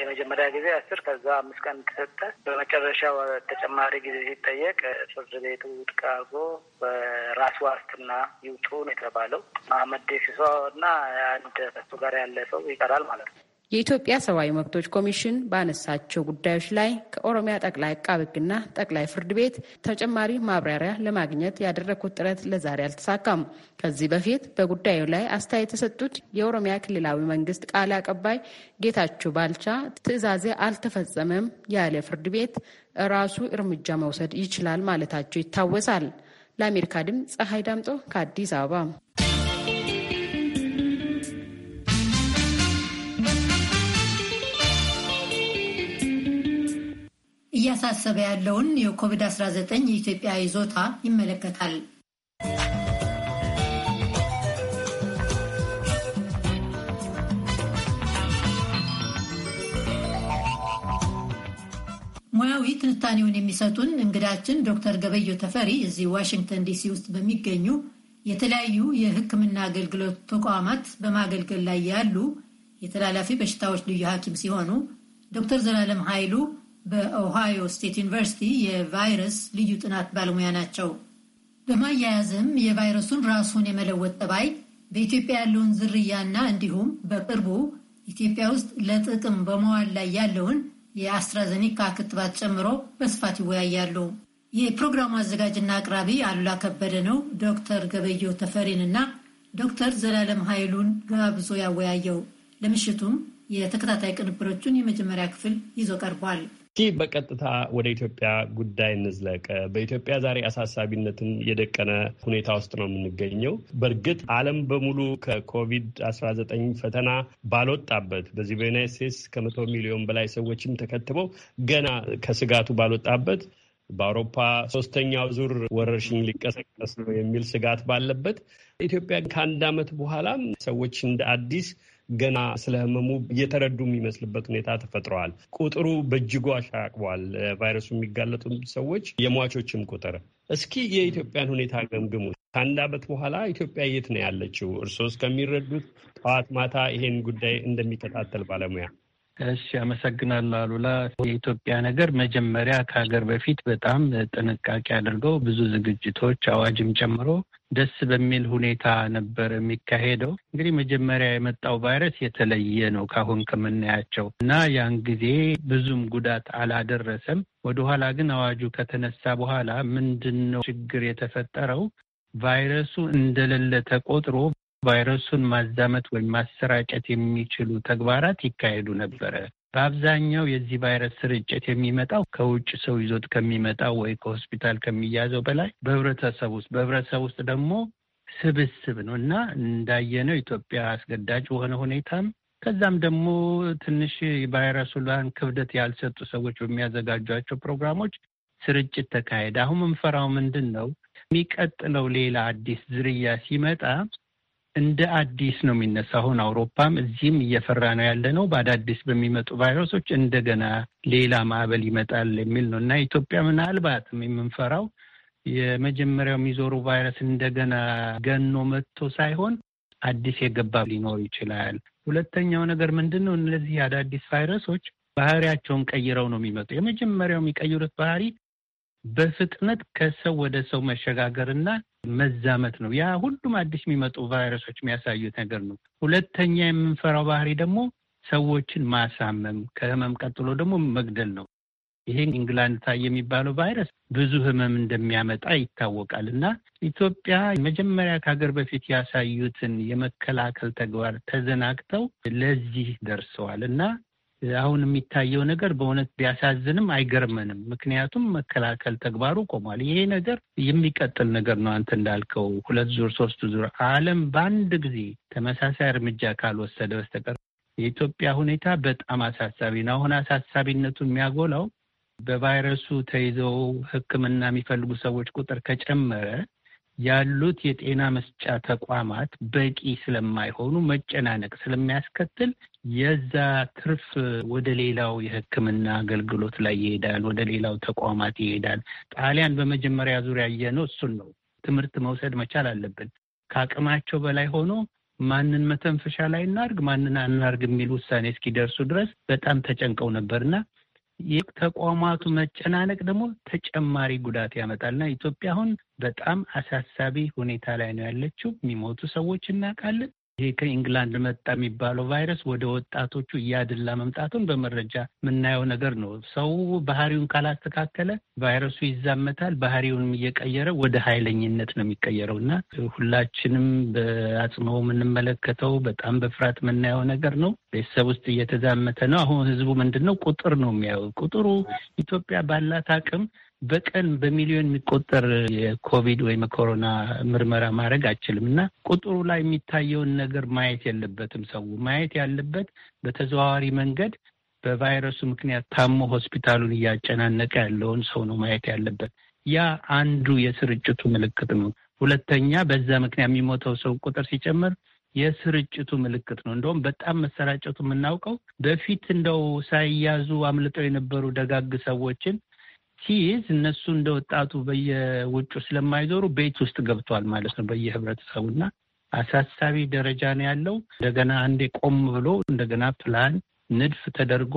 የመጀመሪያ ጊዜ አስር ከዛ አምስት ቀን ተሰጠ። በመጨረሻው ተጨማሪ ጊዜ ሲጠየቅ ፍርድ ቤቱ ጥቃጎ አድርጎ በራሱ ዋስትና ይውጡን የተባለው። መሀመድ ሲሶ እና አንድ ከሱ ጋር ያለ ሰው ይቀራል ማለት ነው። የኢትዮጵያ ሰብአዊ መብቶች ኮሚሽን ባነሳቸው ጉዳዮች ላይ ከኦሮሚያ ጠቅላይ አቃቤ ሕግና ጠቅላይ ፍርድ ቤት ተጨማሪ ማብራሪያ ለማግኘት ያደረግኩት ጥረት ለዛሬ አልተሳካም። ከዚህ በፊት በጉዳዩ ላይ አስተያየት የሰጡት የኦሮሚያ ክልላዊ መንግስት ቃል አቀባይ ጌታቸው ባልቻ ትዕዛዜ አልተፈጸመም ያለ ፍርድ ቤት ራሱ እርምጃ መውሰድ ይችላል ማለታቸው ይታወሳል። ለአሜሪካ ድምፅ ፀሐይ ዳምጦ ከአዲስ አበባ እያሳሰበ ያለውን የኮቪድ-19 የኢትዮጵያ ይዞታ ይመለከታል። ሙያዊ ትንታኔውን የሚሰጡን እንግዳችን ዶክተር ገበዮ ተፈሪ እዚህ ዋሽንግተን ዲሲ ውስጥ በሚገኙ የተለያዩ የሕክምና አገልግሎት ተቋማት በማገልገል ላይ ያሉ የተላላፊ በሽታዎች ልዩ ሐኪም ሲሆኑ ዶክተር ዘላለም ኃይሉ በኦሃዮ ስቴት ዩኒቨርሲቲ የቫይረስ ልዩ ጥናት ባለሙያ ናቸው። በማያያዝም የቫይረሱን ራሱን የመለወጥ ጠባይ በኢትዮጵያ ያለውን ዝርያና እንዲሁም በቅርቡ ኢትዮጵያ ውስጥ ለጥቅም በመዋል ላይ ያለውን የአስትራዘኒካ ክትባት ጨምሮ በስፋት ይወያያሉ። የፕሮግራሙ አዘጋጅና አቅራቢ አሉላ ከበደ ነው። ዶክተር ገበየው ተፈሪንና ዶክተር ዘላለም ኃይሉን ጋብዞ ያወያየው። ለምሽቱም የተከታታይ ቅንብሮቹን የመጀመሪያ ክፍል ይዞ ቀርቧል። እስኪ በቀጥታ ወደ ኢትዮጵያ ጉዳይ እንዝለቅ። በኢትዮጵያ ዛሬ አሳሳቢነትን የደቀነ ሁኔታ ውስጥ ነው የምንገኘው። በእርግጥ ዓለም በሙሉ ከኮቪድ-19 ፈተና ባልወጣበት በዚህ በዩናይት ስቴትስ ከመቶ ሚሊዮን በላይ ሰዎችም ተከትበው ገና ከስጋቱ ባልወጣበት በአውሮፓ ሶስተኛው ዙር ወረርሽኝ ሊቀሰቀስ ነው የሚል ስጋት ባለበት ኢትዮጵያ ከአንድ ዓመት በኋላም ሰዎች እንደ አዲስ ገና ስለ ህመሙ እየተረዱ የሚመስልበት ሁኔታ ተፈጥረዋል። ቁጥሩ በእጅጉ አሻቅቧል። ቫይረሱ የሚጋለጡ ሰዎች የሟቾችም ቁጥር እስኪ የኢትዮጵያን ሁኔታ ገምግሙ። ከአንድ ዓመት በኋላ ኢትዮጵያ የት ነው ያለችው? እርስዎ እስከሚረዱት ጠዋት ማታ ይሄን ጉዳይ እንደሚከታተል ባለሙያ እሺ፣ አመሰግናለሁ አሉላ። የኢትዮጵያ ነገር መጀመሪያ ከሀገር በፊት በጣም ጥንቃቄ አድርገው ብዙ ዝግጅቶች አዋጅም ጨምሮ ደስ በሚል ሁኔታ ነበር የሚካሄደው። እንግዲህ መጀመሪያ የመጣው ቫይረስ የተለየ ነው ካሁን ከምናያቸው እና ያን ጊዜ ብዙም ጉዳት አላደረሰም። ወደኋላ ግን አዋጁ ከተነሳ በኋላ ምንድን ነው ችግር የተፈጠረው? ቫይረሱ እንደሌለ ተቆጥሮ ቫይረሱን ማዛመት ወይም ማሰራጨት የሚችሉ ተግባራት ይካሄዱ ነበረ። በአብዛኛው የዚህ ቫይረስ ስርጭት የሚመጣው ከውጭ ሰው ይዞት ከሚመጣው ወይ ከሆስፒታል ከሚያዘው በላይ በህብረተሰብ ውስጥ በህብረተሰብ ውስጥ ደግሞ ስብስብ ነው እና እንዳየነው ኢትዮጵያ አስገዳጅ በሆነ ሁኔታም ከዛም ደግሞ ትንሽ ቫይረሱ ላን ክብደት ያልሰጡ ሰዎች በሚያዘጋጇቸው ፕሮግራሞች ስርጭት ተካሄደ። አሁን የምንፈራው ምንድን ነው? የሚቀጥለው ሌላ አዲስ ዝርያ ሲመጣ እንደ አዲስ ነው የሚነሳ። አሁን አውሮፓም እዚህም እየፈራ ነው ያለ ነው። በአዳዲስ በሚመጡ ቫይረሶች እንደገና ሌላ ማዕበል ይመጣል የሚል ነው እና ኢትዮጵያ ምናልባት የምንፈራው የመጀመሪያው የሚዞሩ ቫይረስ እንደገና ገኖ መጥቶ ሳይሆን አዲስ የገባ ሊኖር ይችላል። ሁለተኛው ነገር ምንድን ነው? እነዚህ አዳዲስ ቫይረሶች ባህሪያቸውን ቀይረው ነው የሚመጡ። የመጀመሪያው የሚቀይሩት ባህሪ በፍጥነት ከሰው ወደ ሰው መሸጋገርና መዛመት ነው። ያ ሁሉም አዲስ የሚመጡ ቫይረሶች የሚያሳዩት ነገር ነው። ሁለተኛ የምንፈራው ባህሪ ደግሞ ሰዎችን ማሳመም፣ ከህመም ቀጥሎ ደግሞ መግደል ነው። ይሄን ኢንግላንድ ታይ የሚባለው ቫይረስ ብዙ ህመም እንደሚያመጣ ይታወቃል። እና ኢትዮጵያ መጀመሪያ ከሀገር በፊት ያሳዩትን የመከላከል ተግባር ተዘናግተው ለዚህ ደርሰዋል እና አሁን የሚታየው ነገር በእውነት ቢያሳዝንም አይገርመንም። ምክንያቱም መከላከል ተግባሩ ቆሟል። ይሄ ነገር የሚቀጥል ነገር ነው። አንተ እንዳልከው ሁለት ዙር፣ ሶስት ዙር ዓለም በአንድ ጊዜ ተመሳሳይ እርምጃ ካልወሰደ በስተቀር የኢትዮጵያ ሁኔታ በጣም አሳሳቢ ነው። አሁን አሳሳቢነቱ የሚያጎላው በቫይረሱ ተይዘው ሕክምና የሚፈልጉ ሰዎች ቁጥር ከጨመረ ያሉት የጤና መስጫ ተቋማት በቂ ስለማይሆኑ መጨናነቅ ስለሚያስከትል የዛ ትርፍ ወደ ሌላው የሕክምና አገልግሎት ላይ ይሄዳል፣ ወደ ሌላው ተቋማት ይሄዳል። ጣሊያን በመጀመሪያ ዙሪያ ያየነው እሱን ነው። ትምህርት መውሰድ መቻል አለብን። ከአቅማቸው በላይ ሆኖ ማንን መተንፈሻ ላይ እናርግ፣ ማንን አናርግ የሚል ውሳኔ እስኪደርሱ ድረስ በጣም ተጨንቀው ነበርና የተቋማቱ መጨናነቅ ደግሞ ተጨማሪ ጉዳት ያመጣልና ኢትዮጵያ አሁን በጣም አሳሳቢ ሁኔታ ላይ ነው ያለችው። የሚሞቱ ሰዎች እናውቃለን። ይሄ ከኢንግላንድ መጣ የሚባለው ቫይረስ ወደ ወጣቶቹ እያድላ መምጣቱን በመረጃ የምናየው ነገር ነው። ሰው ባህሪውን ካላስተካከለ ቫይረሱ ይዛመታል። ባህሪውንም እየቀየረ ወደ ኃይለኝነት ነው የሚቀየረው እና ሁላችንም በአጽንኦ የምንመለከተው በጣም በፍርሃት የምናየው ነገር ነው። ቤተሰብ ውስጥ እየተዛመተ ነው። አሁን ህዝቡ ምንድን ነው ቁጥር ነው የሚያየው። ቁጥሩ ኢትዮጵያ ባላት አቅም በቀን በሚሊዮን የሚቆጠር የኮቪድ ወይም የኮሮና ምርመራ ማድረግ አችልም እና ቁጥሩ ላይ የሚታየውን ነገር ማየት የለበትም። ሰው ማየት ያለበት በተዘዋዋሪ መንገድ በቫይረሱ ምክንያት ታሞ ሆስፒታሉን እያጨናነቀ ያለውን ሰው ነው ማየት ያለበት። ያ አንዱ የስርጭቱ ምልክት ነው። ሁለተኛ በዛ ምክንያት የሚሞተው ሰው ቁጥር ሲጨምር የስርጭቱ ምልክት ነው። እንደውም በጣም መሰራጨቱ የምናውቀው በፊት እንደው ሳይያዙ አምልጠው የነበሩ ደጋግ ሰዎችን ሲይዝ እነሱ እንደ ወጣቱ በየውጩ ስለማይዞሩ ቤት ውስጥ ገብቷል ማለት ነው በየህብረተሰቡና አሳሳቢ ደረጃ ነው ያለው። እንደገና አንዴ ቆም ብሎ እንደገና ፕላን ንድፍ ተደርጎ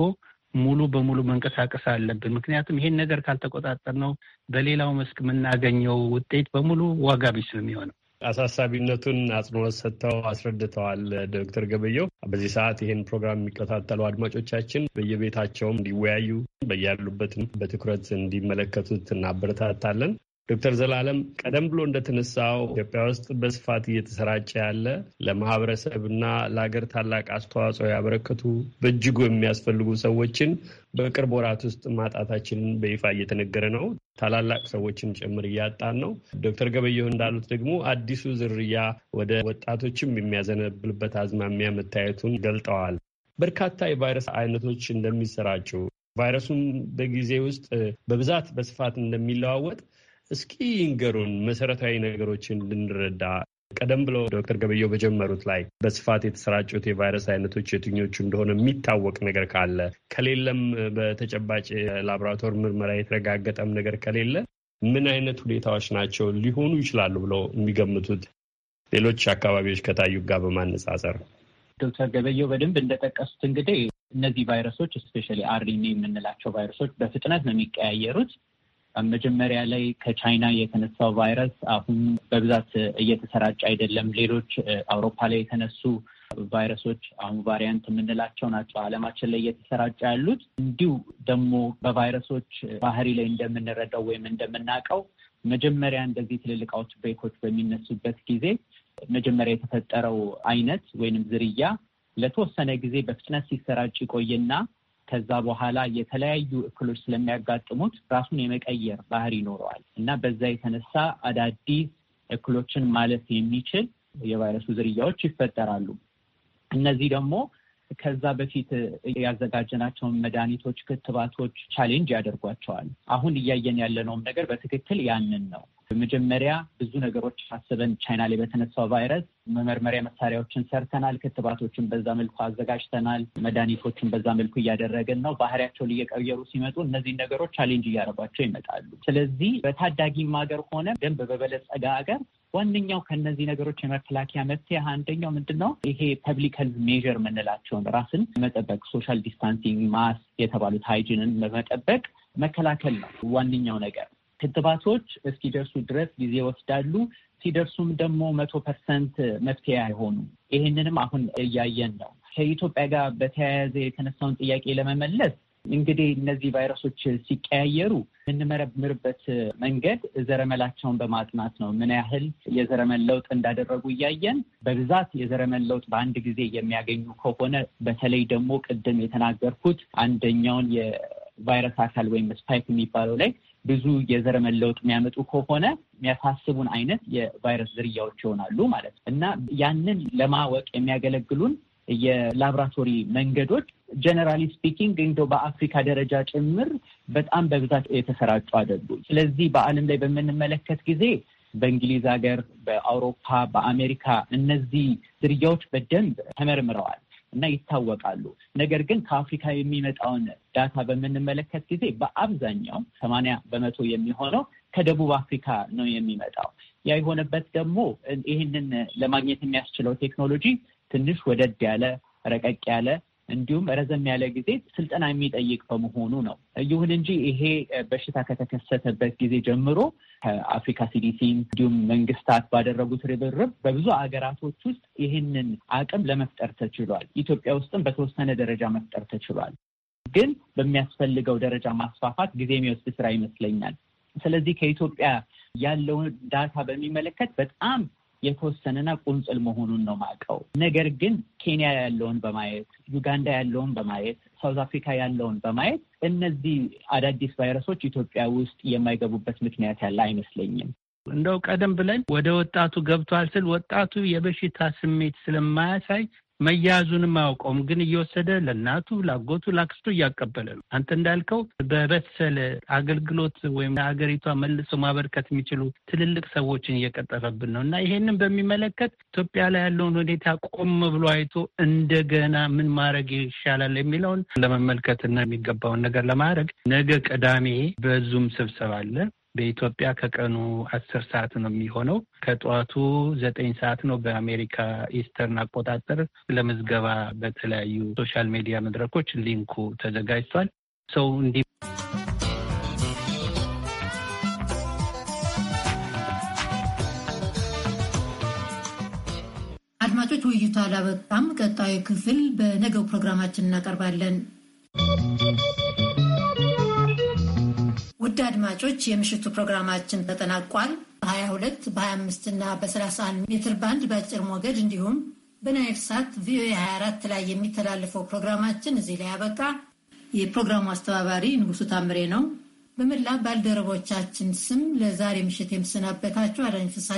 ሙሉ በሙሉ መንቀሳቀስ አለብን። ምክንያቱም ይሄን ነገር ካልተቆጣጠር ነው በሌላው መስክ የምናገኘው ውጤት በሙሉ ዋጋ ቢስ ነው የሚሆነው። አሳሳቢነቱን አጽንኦት ሰጥተው አስረድተዋል ዶክተር ገበየው። በዚህ ሰዓት ይህን ፕሮግራም የሚከታተሉ አድማጮቻችን በየቤታቸውም እንዲወያዩ በያሉበትም በትኩረት እንዲመለከቱት እናበረታታለን። ዶክተር ዘላለም ቀደም ብሎ እንደተነሳው ኢትዮጵያ ውስጥ በስፋት እየተሰራጨ ያለ ለማህበረሰብና ለሀገር ታላቅ አስተዋጽኦ ያበረከቱ በእጅጉ የሚያስፈልጉ ሰዎችን በቅርብ ወራት ውስጥ ማጣታችንን በይፋ እየተነገረ ነው። ታላላቅ ሰዎችን ጭምር እያጣን ነው። ዶክተር ገበየሁ እንዳሉት ደግሞ አዲሱ ዝርያ ወደ ወጣቶችም የሚያዘነብልበት አዝማሚያ መታየቱን ገልጠዋል። በርካታ የቫይረስ አይነቶች እንደሚሰራጩ ቫይረሱም በጊዜ ውስጥ በብዛት በስፋት እንደሚለዋወጥ እስኪ ይንገሩን መሰረታዊ ነገሮችን ልንረዳ ቀደም ብለው ዶክተር ገበየው በጀመሩት ላይ በስፋት የተሰራጩት የቫይረስ አይነቶች የትኞቹ እንደሆነ የሚታወቅ ነገር ካለ ከሌለም፣ በተጨባጭ ላቦራቶር ምርመራ የተረጋገጠም ነገር ከሌለ ምን አይነት ሁኔታዎች ናቸው ሊሆኑ ይችላሉ ብለው የሚገምቱት ሌሎች አካባቢዎች ከታዩ ጋር በማነጻጸር? ዶክተር ገበየው በደንብ እንደጠቀሱት እንግዲህ እነዚህ ቫይረሶች ስፔሻሊ አርኒ የምንላቸው ቫይረሶች በፍጥነት ነው የሚቀያየሩት። መጀመሪያ ላይ ከቻይና የተነሳው ቫይረስ አሁን በብዛት እየተሰራጨ አይደለም። ሌሎች አውሮፓ ላይ የተነሱ ቫይረሶች አሁን ቫሪያንት የምንላቸው ናቸው አለማችን ላይ እየተሰራጨ ያሉት። እንዲሁ ደግሞ በቫይረሶች ባህሪ ላይ እንደምንረዳው ወይም እንደምናውቀው መጀመሪያ እንደዚህ ትልልቅ አውትብሬኮች በሚነሱበት ጊዜ መጀመሪያ የተፈጠረው አይነት ወይንም ዝርያ ለተወሰነ ጊዜ በፍጥነት ሲሰራጭ ይቆይና ከዛ በኋላ የተለያዩ እክሎች ስለሚያጋጥሙት ራሱን የመቀየር ባህሪ ይኖረዋል እና በዛ የተነሳ አዳዲስ እክሎችን ማለፍ የሚችል የቫይረሱ ዝርያዎች ይፈጠራሉ። እነዚህ ደግሞ ከዛ በፊት ያዘጋጀናቸውን መድኃኒቶች፣ ክትባቶች ቻሌንጅ ያደርጓቸዋል። አሁን እያየን ያለነውም ነገር በትክክል ያንን ነው። መጀመሪያ ብዙ ነገሮች አስበን ቻይና ላይ በተነሳው ቫይረስ መመርመሪያ መሳሪያዎችን ሰርተናል። ክትባቶችን በዛ መልኩ አዘጋጅተናል። መድኃኒቶችን በዛ መልኩ እያደረግን ነው። ባህሪያቸውን እየቀየሩ ሲመጡ እነዚህን ነገሮች ቻሌንጅ እያደረጓቸው ይመጣሉ። ስለዚህ በታዳጊም ሀገር ሆነ ደንብ በበለጸገ ሀገር ዋነኛው ከነዚህ ነገሮች የመከላከያ መፍትሄ አንደኛው ምንድን ነው? ይሄ ፐብሊክ ሄልዝ ሜዥር የምንላቸውን ራስን መጠበቅ፣ ሶሻል ዲስታንሲንግ፣ ማስ የተባሉት ሃይጂንን መጠበቅ መከላከል ነው ዋነኛው ነገር። ክትባቶች እስኪደርሱ ድረስ ጊዜ ይወስዳሉ። ሲደርሱም ደግሞ መቶ ፐርሰንት መፍትሄ አይሆኑም። ይህንንም አሁን እያየን ነው። ከኢትዮጵያ ጋር በተያያዘ የተነሳውን ጥያቄ ለመመለስ እንግዲህ እነዚህ ቫይረሶች ሲቀያየሩ የምንመረምርበት መንገድ ዘረመላቸውን በማጥናት ነው። ምን ያህል የዘረመን ለውጥ እንዳደረጉ እያየን በብዛት የዘረመን ለውጥ በአንድ ጊዜ የሚያገኙ ከሆነ በተለይ ደግሞ ቅድም የተናገርኩት አንደኛውን የቫይረስ አካል ወይም ስፓይክ የሚባለው ላይ ብዙ የዘር ለውጥ የሚያመጡ ከሆነ የሚያሳስቡን አይነት የቫይረስ ዝርያዎች ይሆናሉ ማለት ነው እና ያንን ለማወቅ የሚያገለግሉን የላብራቶሪ መንገዶች ጀነራሊ ስፒኪንግ እንደ በአፍሪካ ደረጃ ጭምር በጣም በብዛት የተሰራጩ አይደሉ። ስለዚህ በዓለም ላይ በምንመለከት ጊዜ በእንግሊዝ ሀገር፣ በአውሮፓ፣ በአሜሪካ እነዚህ ዝርያዎች በደንብ ተመርምረዋል። እና ይታወቃሉ። ነገር ግን ከአፍሪካ የሚመጣውን ዳታ በምንመለከት ጊዜ በአብዛኛው ሰማንያ በመቶ የሚሆነው ከደቡብ አፍሪካ ነው የሚመጣው። ያ የሆነበት ደግሞ ይህንን ለማግኘት የሚያስችለው ቴክኖሎጂ ትንሽ ወደድ ያለ ረቀቅ ያለ እንዲሁም ረዘም ያለ ጊዜ ስልጠና የሚጠይቅ በመሆኑ ነው። ይሁን እንጂ ይሄ በሽታ ከተከሰተበት ጊዜ ጀምሮ ከአፍሪካ ሲዲሲ እንዲሁም መንግስታት ባደረጉት ርብርብ በብዙ አገራቶች ውስጥ ይህንን አቅም ለመፍጠር ተችሏል። ኢትዮጵያ ውስጥም በተወሰነ ደረጃ መፍጠር ተችሏል። ግን በሚያስፈልገው ደረጃ ማስፋፋት ጊዜ የሚወስድ ስራ ይመስለኛል። ስለዚህ ከኢትዮጵያ ያለውን ዳታ በሚመለከት በጣም የተወሰነና ቁንጽል መሆኑን ነው ማውቀው። ነገር ግን ኬንያ ያለውን በማየት ዩጋንዳ ያለውን በማየት ሳውዝ አፍሪካ ያለውን በማየት እነዚህ አዳዲስ ቫይረሶች ኢትዮጵያ ውስጥ የማይገቡበት ምክንያት ያለ አይመስለኝም። እንደው ቀደም ብለን ወደ ወጣቱ ገብቷል ስል ወጣቱ የበሽታ ስሜት ስለማያሳይ መያዙንም አያውቀውም። ግን እየወሰደ ለእናቱ፣ ላጎቱ፣ ላክስቱ እያቀበለ ነው። አንተ እንዳልከው በበሰለ አገልግሎት ወይም ለሀገሪቷ መልሶ ማበርከት የሚችሉ ትልልቅ ሰዎችን እየቀጠረብን ነው እና ይሄንን በሚመለከት ኢትዮጵያ ላይ ያለውን ሁኔታ ቆም ብሎ አይቶ እንደገና ምን ማድረግ ይሻላል የሚለውን ለመመልከትና የሚገባውን ነገር ለማድረግ ነገ ቅዳሜ በዙም ስብሰባ አለ። በኢትዮጵያ ከቀኑ አስር ሰዓት ነው የሚሆነው። ከጠዋቱ ዘጠኝ ሰዓት ነው በአሜሪካ ኢስተርን አቆጣጠር። ለምዝገባ በተለያዩ ሶሻል ሚዲያ መድረኮች ሊንኩ ተዘጋጅቷል። ሰው እንዲ አድማጮች፣ ውይይቱ አላበቃም። ቀጣዩ ክፍል በነገው ፕሮግራማችን እናቀርባለን። ውድ አድማጮች የምሽቱ ፕሮግራማችን ተጠናቋል። በ22 በ25 እና በ31 ሜትር ባንድ በአጭር ሞገድ እንዲሁም በናይል ሳት ቪኦኤ 24 ላይ የሚተላለፈው ፕሮግራማችን እዚህ ላይ ያበቃ። የፕሮግራሙ አስተባባሪ ንጉሱ ታምሬ ነው። በመላ ባልደረቦቻችን ስም ለዛሬ ምሽት የምሰናበታችሁ አዳኝ ፍሳ